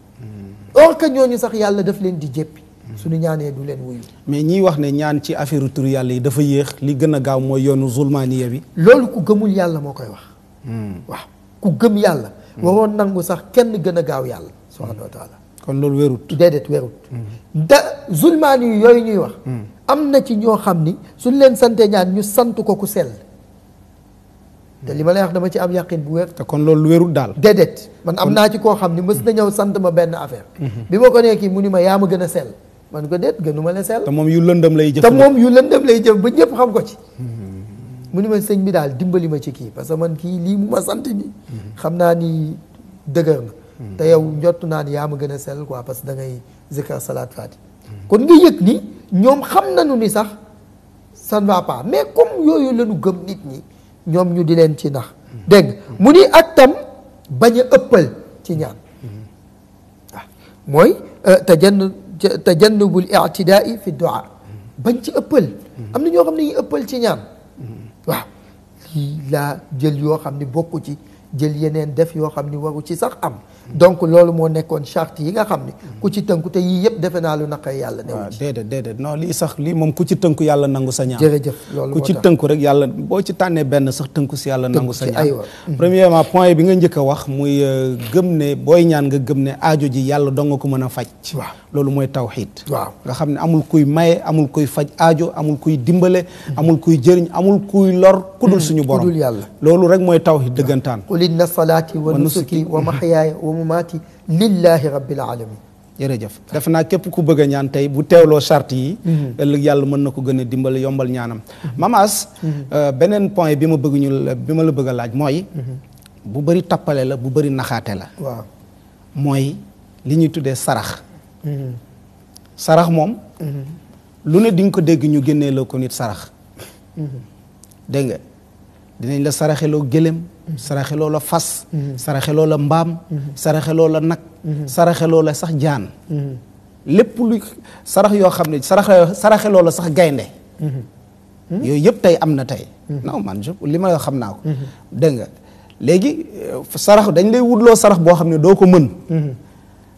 or que ñooñu sax yàlla daf leen di jéppi suñu ñaanee du leen wuyu mais ñiy wax ne ñaan ci affaire tur yàlla yi dafa yéex li gën a gaaw mooy yoonu zulmaaniya bi loolu ku gëmul yàlla moo koy wax hmm. waaw ku gëm yàlla hmm. waroon nangu sax kenn gën a gaaw yàlla subhanahu wa kon loolu wérut déedéet wérut mm-hmm. da zulmaani yu yooyu ñuy wax mm. am na ci ñoo xam ni suñ leen sante ñaan ñu sant ko ku sel mm. te li ma la wax dama ci am yàqin bu wér te kon loolu wérut daal déedéet man am naa ci koo xam ni mës na ñëw sant ma benn affaire mm-hmm. bi ma ko nee kii mu ni ma yaa ma gën a sell man ko déet gënu ma la sell te moom yu lëndëm lay jëf te moom yu lëndëm lay jëf ba ñëpp xam ko ci mm-hmm. mu ni ma sëñ bi daal dimbali ma ci kii parce que man kii lii mu ma sant ni xam naa ni dëgër na te yow njott naa ni yaa ma gën a sell ko parce que da ngay zikar salaat faati kon nga yëg ni ñoom xam nañu ni sax ça ne va mais comme yooyu la gëm nit ñi ñoom ñu di leen ci nax dégg mu ni ak tam bañ a ëppal ci ñaan waaw mooy euh, te jann te jannubul i'tidaai fi du'a bañ ci ëppal am na xam ne ñu ëppal ci lii laa jël yoo xam ni bokku ci jël yeneen def yoo xam ni waru ci sax am donc loolu moo nekkoon charte yi nga xam ni ku ci tënku te yii yëpp defe naa lu naqay yàlla ah, new waaw déedéet déedéet non lii sax lii moom ku ci tënku yàlla nangu sa ñaan loolu ku ci tënku rek yàlla boo ci tànnee benn sax tënku si yàlla nangu sa ñaan mm-hmm. premièrement point bi nga njëkk a wax muy euh, gëm ne booy ñaan nga gëm ne aajo ji yàlla nga ko mën a faj waaw loolu mooy tawxiid waaw nga xam ne amul kuy maye amul kuy faj aajo amul kuy dimbale amul kuy jëriñ amul kuy lor kudul hmm, suñu borom yàlla loolu rek mooy tawxiid dëggantaan qul inna salaati wa nusuki wa mahyaaya wa mamaati lillahi rabbil alamin jërëjëf def naa képp ku bëgg ñaan tey bu teewloo charte yi hmm. ëllëg yàlla mën na ko gën a dimbal yombal ñaanam hmm. mamas euh, beneen point bi ma bëgg ñu bi ma la bëgg a laaj mooy bu bëri tappale la bu bëri naxaate la waaw mooy li ñuy tuddee sarax sarax moom. lu ne di nga ko dégg ñu génnee loo ko nit sarax. dégg nga dinañ la saraxeloo gëlem. saraxeloo la fas. saraxeloo la mbaam. saraxeloo la nag. saraxeloo la sax jaan. lépp yoo xam ne sarax saraxeloo la sax gaynde yooyu yëpp tey am na tey. non man je li ma yoo xam naa ko. dégg léegi sarax dañ lay wutloo sarax boo xam ne doo ko mën.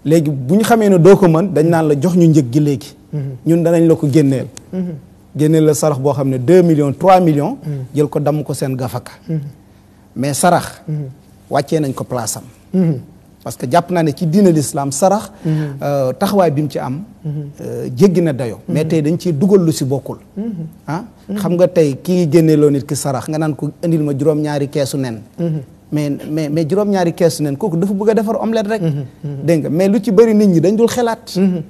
léegi bu ñu xamee ne doo ko mën dañ naan la jox ñu njëg gi léegi mm-hmm. ñun danañ la ko génneel mm-hmm. génneel la sarax boo xam ne deux millions trois millions mm-hmm. jël ko damm ko seen gafaka mais sarax wàccee nañ ko place am parce que jàpp naa ne ci diine l'islam sarax euh, taxawaay bi mu ci am euh, jéggi na dayo mais tey dañ ci dugal lu si bokkul ah xam nga tey kii génneeloo nit ki sarax nga naan ko indil ma juróom-ñaari keesu nen mais mais mais juróom-ñaari keesu neen kooku dafa bëgg a defar omelette rek. Mhm, mhm. dégg nga mais lu ci bëri nit ñi dañ dul xelaat. Mhm.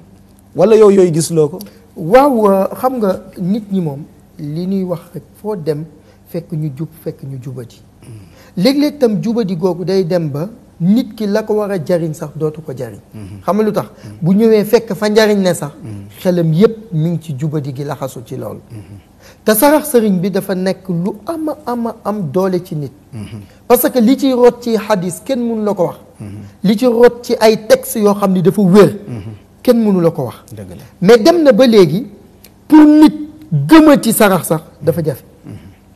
wala yow yooyu gis loo ko. waaw euh, xam nga nit ñi moom li ñuy wax foo dem fekk ñu jub fekk ñu jubati mm. léeg-léeg tam jubadi googu day dem ba nit ki la ko war a jariñ sax dootu ko jariñ mm-hmm. xam nga lu tax mm-hmm. bu ñëwee fekk fa njariñ ne sax mm-hmm. xelam yépp mi ngi ci jubadi gi laxasu ci loolu te sarax sëriñ bi dafa nekk lu ama ama am doole ci nit parce que li ciy rot ci xadis kenn mënu la ko wax li ci rot ci ay tex yoo xam ni dafa wér kenn mënu la ko wax mais dem na ba léegi pour nit gëma ci sarax sax dafa jafe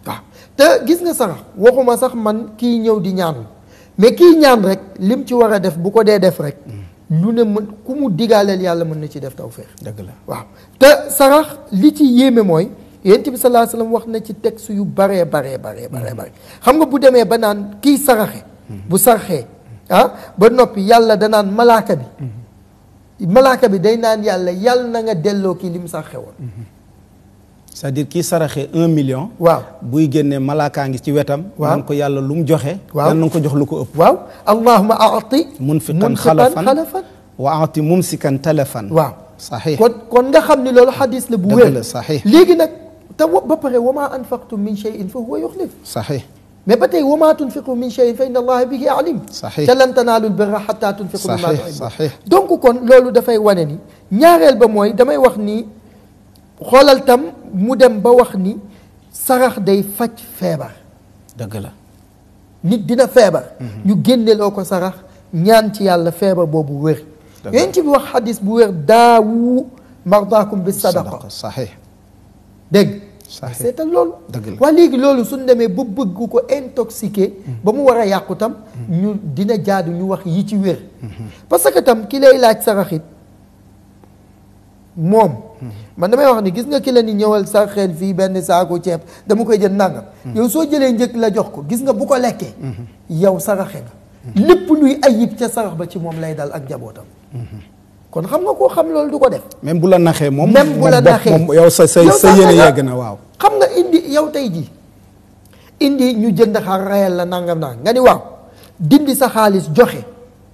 waaw te gis nga sarax waxuma sax man kii ñëw di ñaanul mais kii ñaan rek lim ci war a def bu ko dee def rek lu ne mën ku mu digaaleel yàlla mën na ci def tawféex dëgg la waaw te sarax li ci yéeme mooy yonent bi sallallahu wax na ci texte yu baree baree bare baree hmm. bare xam nga bu demee ba naan kii saraxe hmm. bu saraxee ah, ba noppi yàlla danaan malaaka bi hmm. malaaka bi day naan yàlla yàlla na nga delloo kii li mu saraxe woon c'est-à-dire kii saraxe un million waaw buy génnee malaakaa ngi ci wetam waaw ko yàlla lu mu joxe waaw nan ko jox lu ko ëpp waaw allahuma aati munfiqan xalafan xalafan wa aati mumsikan talafan waaw saxiix kon kon nga xam ni loolu xadis la bu wér saxiix léegi nag te wa ba pare wa maa anfaqtum min shay'in fa huwa yuxlif saxiix mais ba tey wa maa tunfiqu min shay'in fa inna allaha bihi alim te lan tanaalu lbirra xatta tunfiqu mimmaa tuhibbuun donc kon loolu dafay wane ni ñaareel ba mooy damay wax ni xoolal tam mu dem ba wax ni sarax day faj feebar dëgg la nit dina feebar mhm. ñu génneloo ko sarax ñaan ci yàlla feebar boobu wér yonent bi wax xadis bu wér daawu mardaakum bi sadaqa saxiix seetal loolu waa léegi loolu suñ demee ba bëgg ko intoxiqué hmm. ba mu war a yàqu tam hmm. ñu dina jaadu ñu wax yi ci wér hmm. parce que tam ki lay laaj saraxit moom man damay wax ni gis nga ki la ni ñëwal saraxeel fii benn saako ceeb dama koy jël nangam yow soo jëlee njëkk la jox ko gis nga bu ko lekkee yow saraxe nga lépp luy ayib ca sarax ba ci moom lay dal ak njabootam kon xam nga koo xam loolu du ko def. même bu la naxee moom. même bu la naxee moom yow sa sa sa yéene yegg na waaw. xam nga indi yow tey jii indi ñu jënd xar rayal la nangam naan nga ni waaw dindi sa xaalis joxe.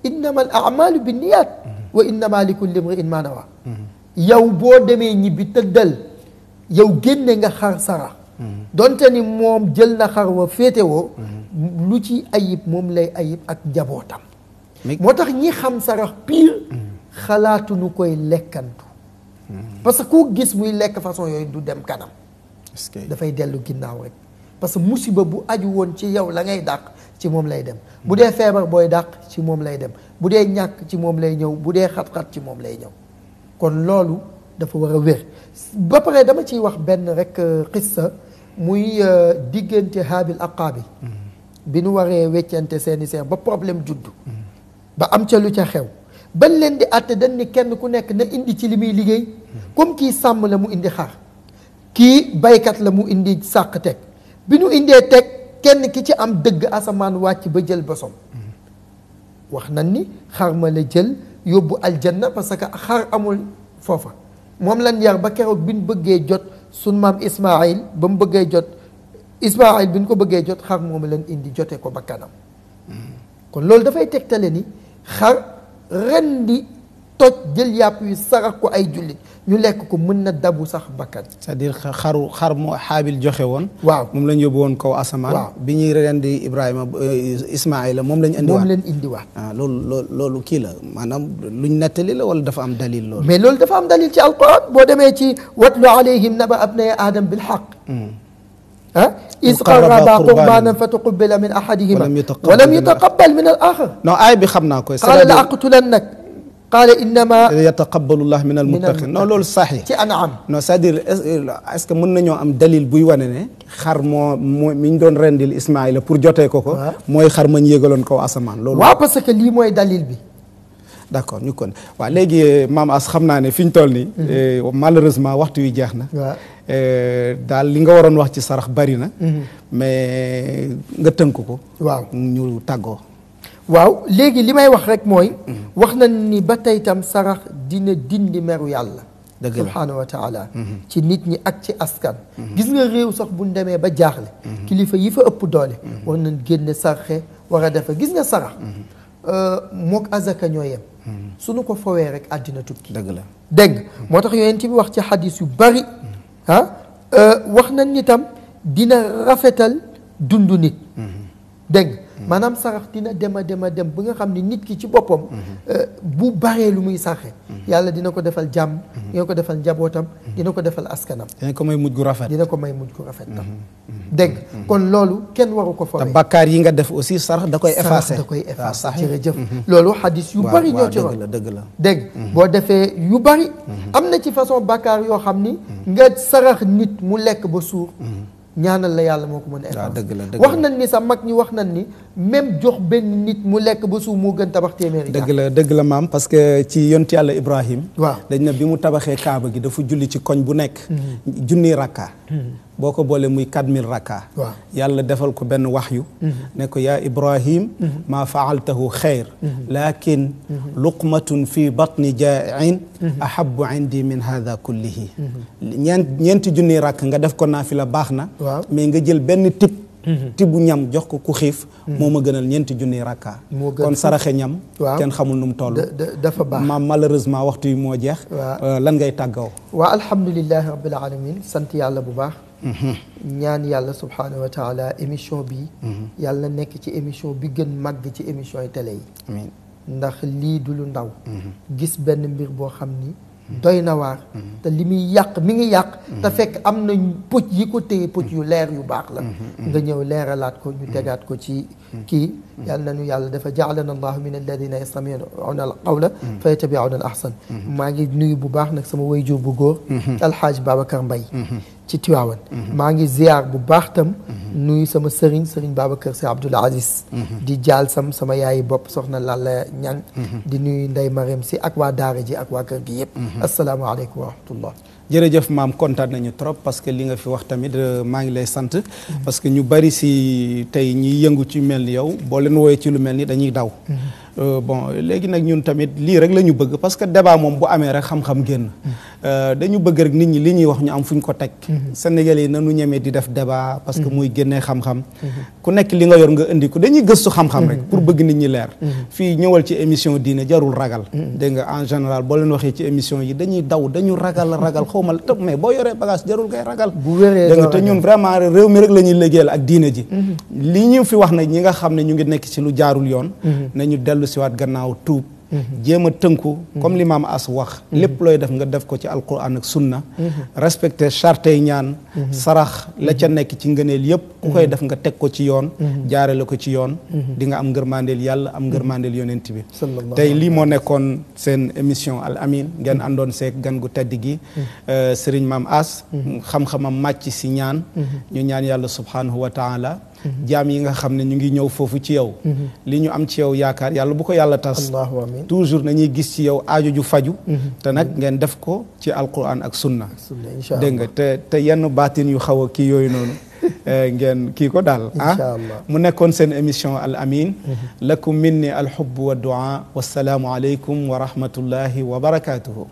innama al amalu bi niyaat wa innama li kulli imri'in ma nawa yow boo demee ñibbi tëddal yow génne nga xar sara donte ni moom jël na xar wa féetewoo lu ci ayib moom lay ayib ak jabootam moo tax ñi xam sarax pire xalaatu nu koy lekkantu. parce que ku gis muy lekk façon yooyu du dem kanam. dafay dellu ginnaaw rek. parce que musiba bu aju woon ci yow la ngay dàq ci moom lay dem bu dee feebar booy dàq ci moom lay dem bu dee ñàkk ci moom lay ñëw bu dee xat-xat ci moom lay ñëw kon loolu dafa war a wér. ba pare dama ciy wax benn rek euh, xissa muy euh, diggante Haabil ak Qaabil mm-hmm. bi nu waree weccante seeni seer ba problème juddu. Mm-hmm. ba am ca lu ca xew. bañ leen di àtte dañ ni kenn ku nekk na indi ci li muy liggéey comme kii sàmm la mu indi xar kii baykat la mu indi sàq teg bi nu indee teg kenn ki ci am dëgg asamaan wàcc ba jël bosom wax nañ ni xar ma la jël yóbbu aljanna parce que xar amul foofa moom lan yar ba keroog bi ñu bëggee jot suñ maam Ismaayil ba mu bëggee jot Ismaayil bi ñu ko bëggee jot xar moom lañ indi jote ko ba kanam kon loolu dafay tegtale ni xar ren di toj jël yàpp yu ay jullit ñu lekk ko mën na dabu sax bakkan cest à xaru xar moo xaabil joxe woon waaw moom lañ yóbbu woon kaw asamaan waaw bi ñuy ren di Ibrahima euh, Ismaayla moom lañ leen moom lañ indiwaat ah loolu loolu loolu kii la maanaam luñ nettali la wala dafa am dalil loolu mais loolu dafa am dalil ci alquran boo demee ci watlu alayhim naba abnaya adam bil haqq hmm. ah is qarraba qurbanan fa tuqubila min ahadihima walam yutaqabal min al axar non aay bi xam naa koy qaala la aqtulannak qaala innama yataqabalu llah min almuttaqin non loolu saxi ci anam non c'est-à-dire est ce que mën nañoo am dalil buy wane ne xar moo moo mi ñu doon rendil Ismaïla pour jotee ko ko mooy xar mañ yégaloon kaw asamaan loolu waaw parce que lii mooy dalil bi d' accord ñu kon waa léegi euh, maam as xam naa ne fi ñu toll nii. Mhm. Euh, malheureusement waxtu wi jeex na. Euh, daal li nga waroon wax ci sarax bari na. Mhm. mais nga tënk ko. waaw ñu tàggoo. waaw léegi li may wax rek mooy. Mhm. wax nañ ni ba tey tam sarax dina dindi meru yàlla. dëgg la subhaanahu wa taala. ci nit ñi ak ci askan. gis nga réew sax bu ñu demee ba jaaxle. kilifa yi fa ëpp doole. war nañ génne sarxe war a defa gis nga sarax. Euh, mook azaka ñoo yem hmm. suñu ko fowee rek àddina tukki dëgg la dégg hmm. moo tax yonent bi wax ci xadis yu bari hmm. ah euh, wax nañ nitam dina rafetal dund nit dégg maanaam sarax dina dem a dem a dem ba nga xam ni nit ki ci boppam mhm. euh, bu baree lu muy sànqe mhm. yàlla dina ko defal jàmm mhm. dina ko defal njabootam dina ko defal askanam dina ko may mujj gu rafet dina ko may mujj gu rafet tam dégg kon loolu kenn waru ko fowee te bakkaar yi nga def aussi sarax da koy effacé da koy effacé jërëjëf loolu xadis yu bari ñoo ci wax dëgg la dégg boo defee yu bari am na ci façon bakkaar yoo xam ni nga sarax nit mu lekk ba suur ñaanal la yàlla moo ko mën a dëgg wax nañ ni sa mag ñi wax nañ ni même jox benn nit mu lekk ba suuf moo gën tabax téeméeri dëgg la dëgg la maam parce que ci yont yàlla Ibrahim waaw dañ na bi mu tabaxee kaaba gi dafa julli ci koñ bu nekk mm-hmm. junni rakka mm-hmm. boo ko boolee muy 4000 raka waaw yàlla defal ko benn waxyu mm-hmm. ne ko yaa ibrahim mm-hmm. maa faaltahu xayr mm-hmm. lakin luqmatun fi batni jaain ahabu indi min hada kullihi ñeent ñeenti junniy rakk nga def ko naafila baax na mais nga jël benn tib tibu ñam jox ko ku xiif moo ma gënal ñeenti junniy rakka kon saraxe ñam kenn xamul nu mu toll dafa baax ma malheureusement waxtu yi moo jeex euh, lan ngay tàggoo waa alhamdulilahi rabbil alamin bu baax ñaan yàlla subhaanahu wa taala émission bi mm-hmm. yàlla nekk ci émission bi gën màgg ci émission yi télé yi ndax lii du lu ndaw mm-hmm. gis benn mbir boo xam ni mm-hmm. doy na waar te li muy yàq mi ngi yàq te fekk am na poj yi ko téye poj yu leer yu baax la nga ñëw leeralaat ko ñu tegaat ko ci kii yàlla nañu yàlla dafa jaalana allahu min alladina yastamiuna al qawla fa yatabiuna al ahsan maa ngi nuyu bu baax nag sama wayjur bu góor alxaaj Babacar ci Tiwaawan maa ngi ziar bu baax tam nuyu sama sëriñ sëriñ kër Si Abdoul Aziz di jaal sam sama yaayi bopp soxna Lalla Ñang di nuyu Ndey Mariam Si ak waa daara ji ak waa kër gi yëpp asalaamaaleykum wa rahmatullah jërëjëf maam kontaan nañu trop parce que li nga fi wax tamit euh, maa ngi lay sant parce que ñu bari si tey ñiy yëngu ci mel ni yow boo leen wooyee ci lu mel ni dañuy daw Euh, bon léegi nag ñun tamit lii rek la ñu bëgg parce que débat moom bu amee rek xam-xam génn euh, dañu bëgg rek nit ñi li ñuy wax ñu am fu ñu ko teg mm-hmm. Sénégalais yi nanu ñemee di def débat parce que mm-hmm. muy génnee xam-xam mm-hmm. ku nekk li nga yor nga indi ko dañu gëstu xam-xam rek pour bëgg nit ñi leer fii ñëwal ci émission diine jarul ragal dégg nga en général boo leen waxee ci émission yi dañuy daw dañu ragal ragal xawma tëb mais boo yoree bagage jarul ngay ragal dégg nga te ñun vraiment réew mi rek la ñuy liggéeyal ak diine ji li ñu fi wax nag ñi nga xam ne ñu ngi nekk ci lu jaarul yoon dellusiwaat gannaaw tuub mhm. jéem a tënku mhm. comme li maam as wax mhm. lépp looy def nga def ko ci alquran ak sunna respecté charte yi ñaan sarax la ca nekk ci ngëneel yépp ku koy def nga teg ko ci yoon jaarale ko ci yoon di nga am ngërmandeel yàlla am ngërmandeel yonent bi tey lii moo nekkoon seen émission al amin ngeen àndoon seeg gan gu tedd gi euh, sëriñ maam as xam-xamam màcc si ñaan ñu ñaan yàlla subhanahu wa jaam yi nga xam ne ñu ngi ñëw foofu ci yow mhm. li ñu am ci yow yaakaar yàlla bu ko yàlla tas toujours nañuy gis ci yow aajo ju faju mhm. te nag ngeen def ko ci alquran ak sunna dégg nga te te yenn baatin yu xaw a kii yooyu noonu eh, ngeen kii ko daal ah mu nekkoon seen émission al amin mhm. lakum minni alxub wa duaa wassalaamu aleykum wa rahmatullahi wa barakatuhu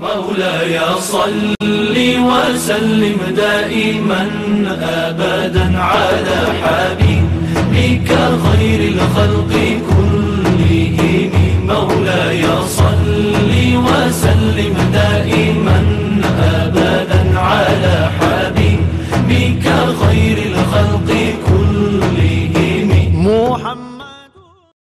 مولاي صل وسلم دائما أبدا على حبيبك خير الخلق كلهم مولاي صل وسلم دائما أبدا على حبيبك خير الخلق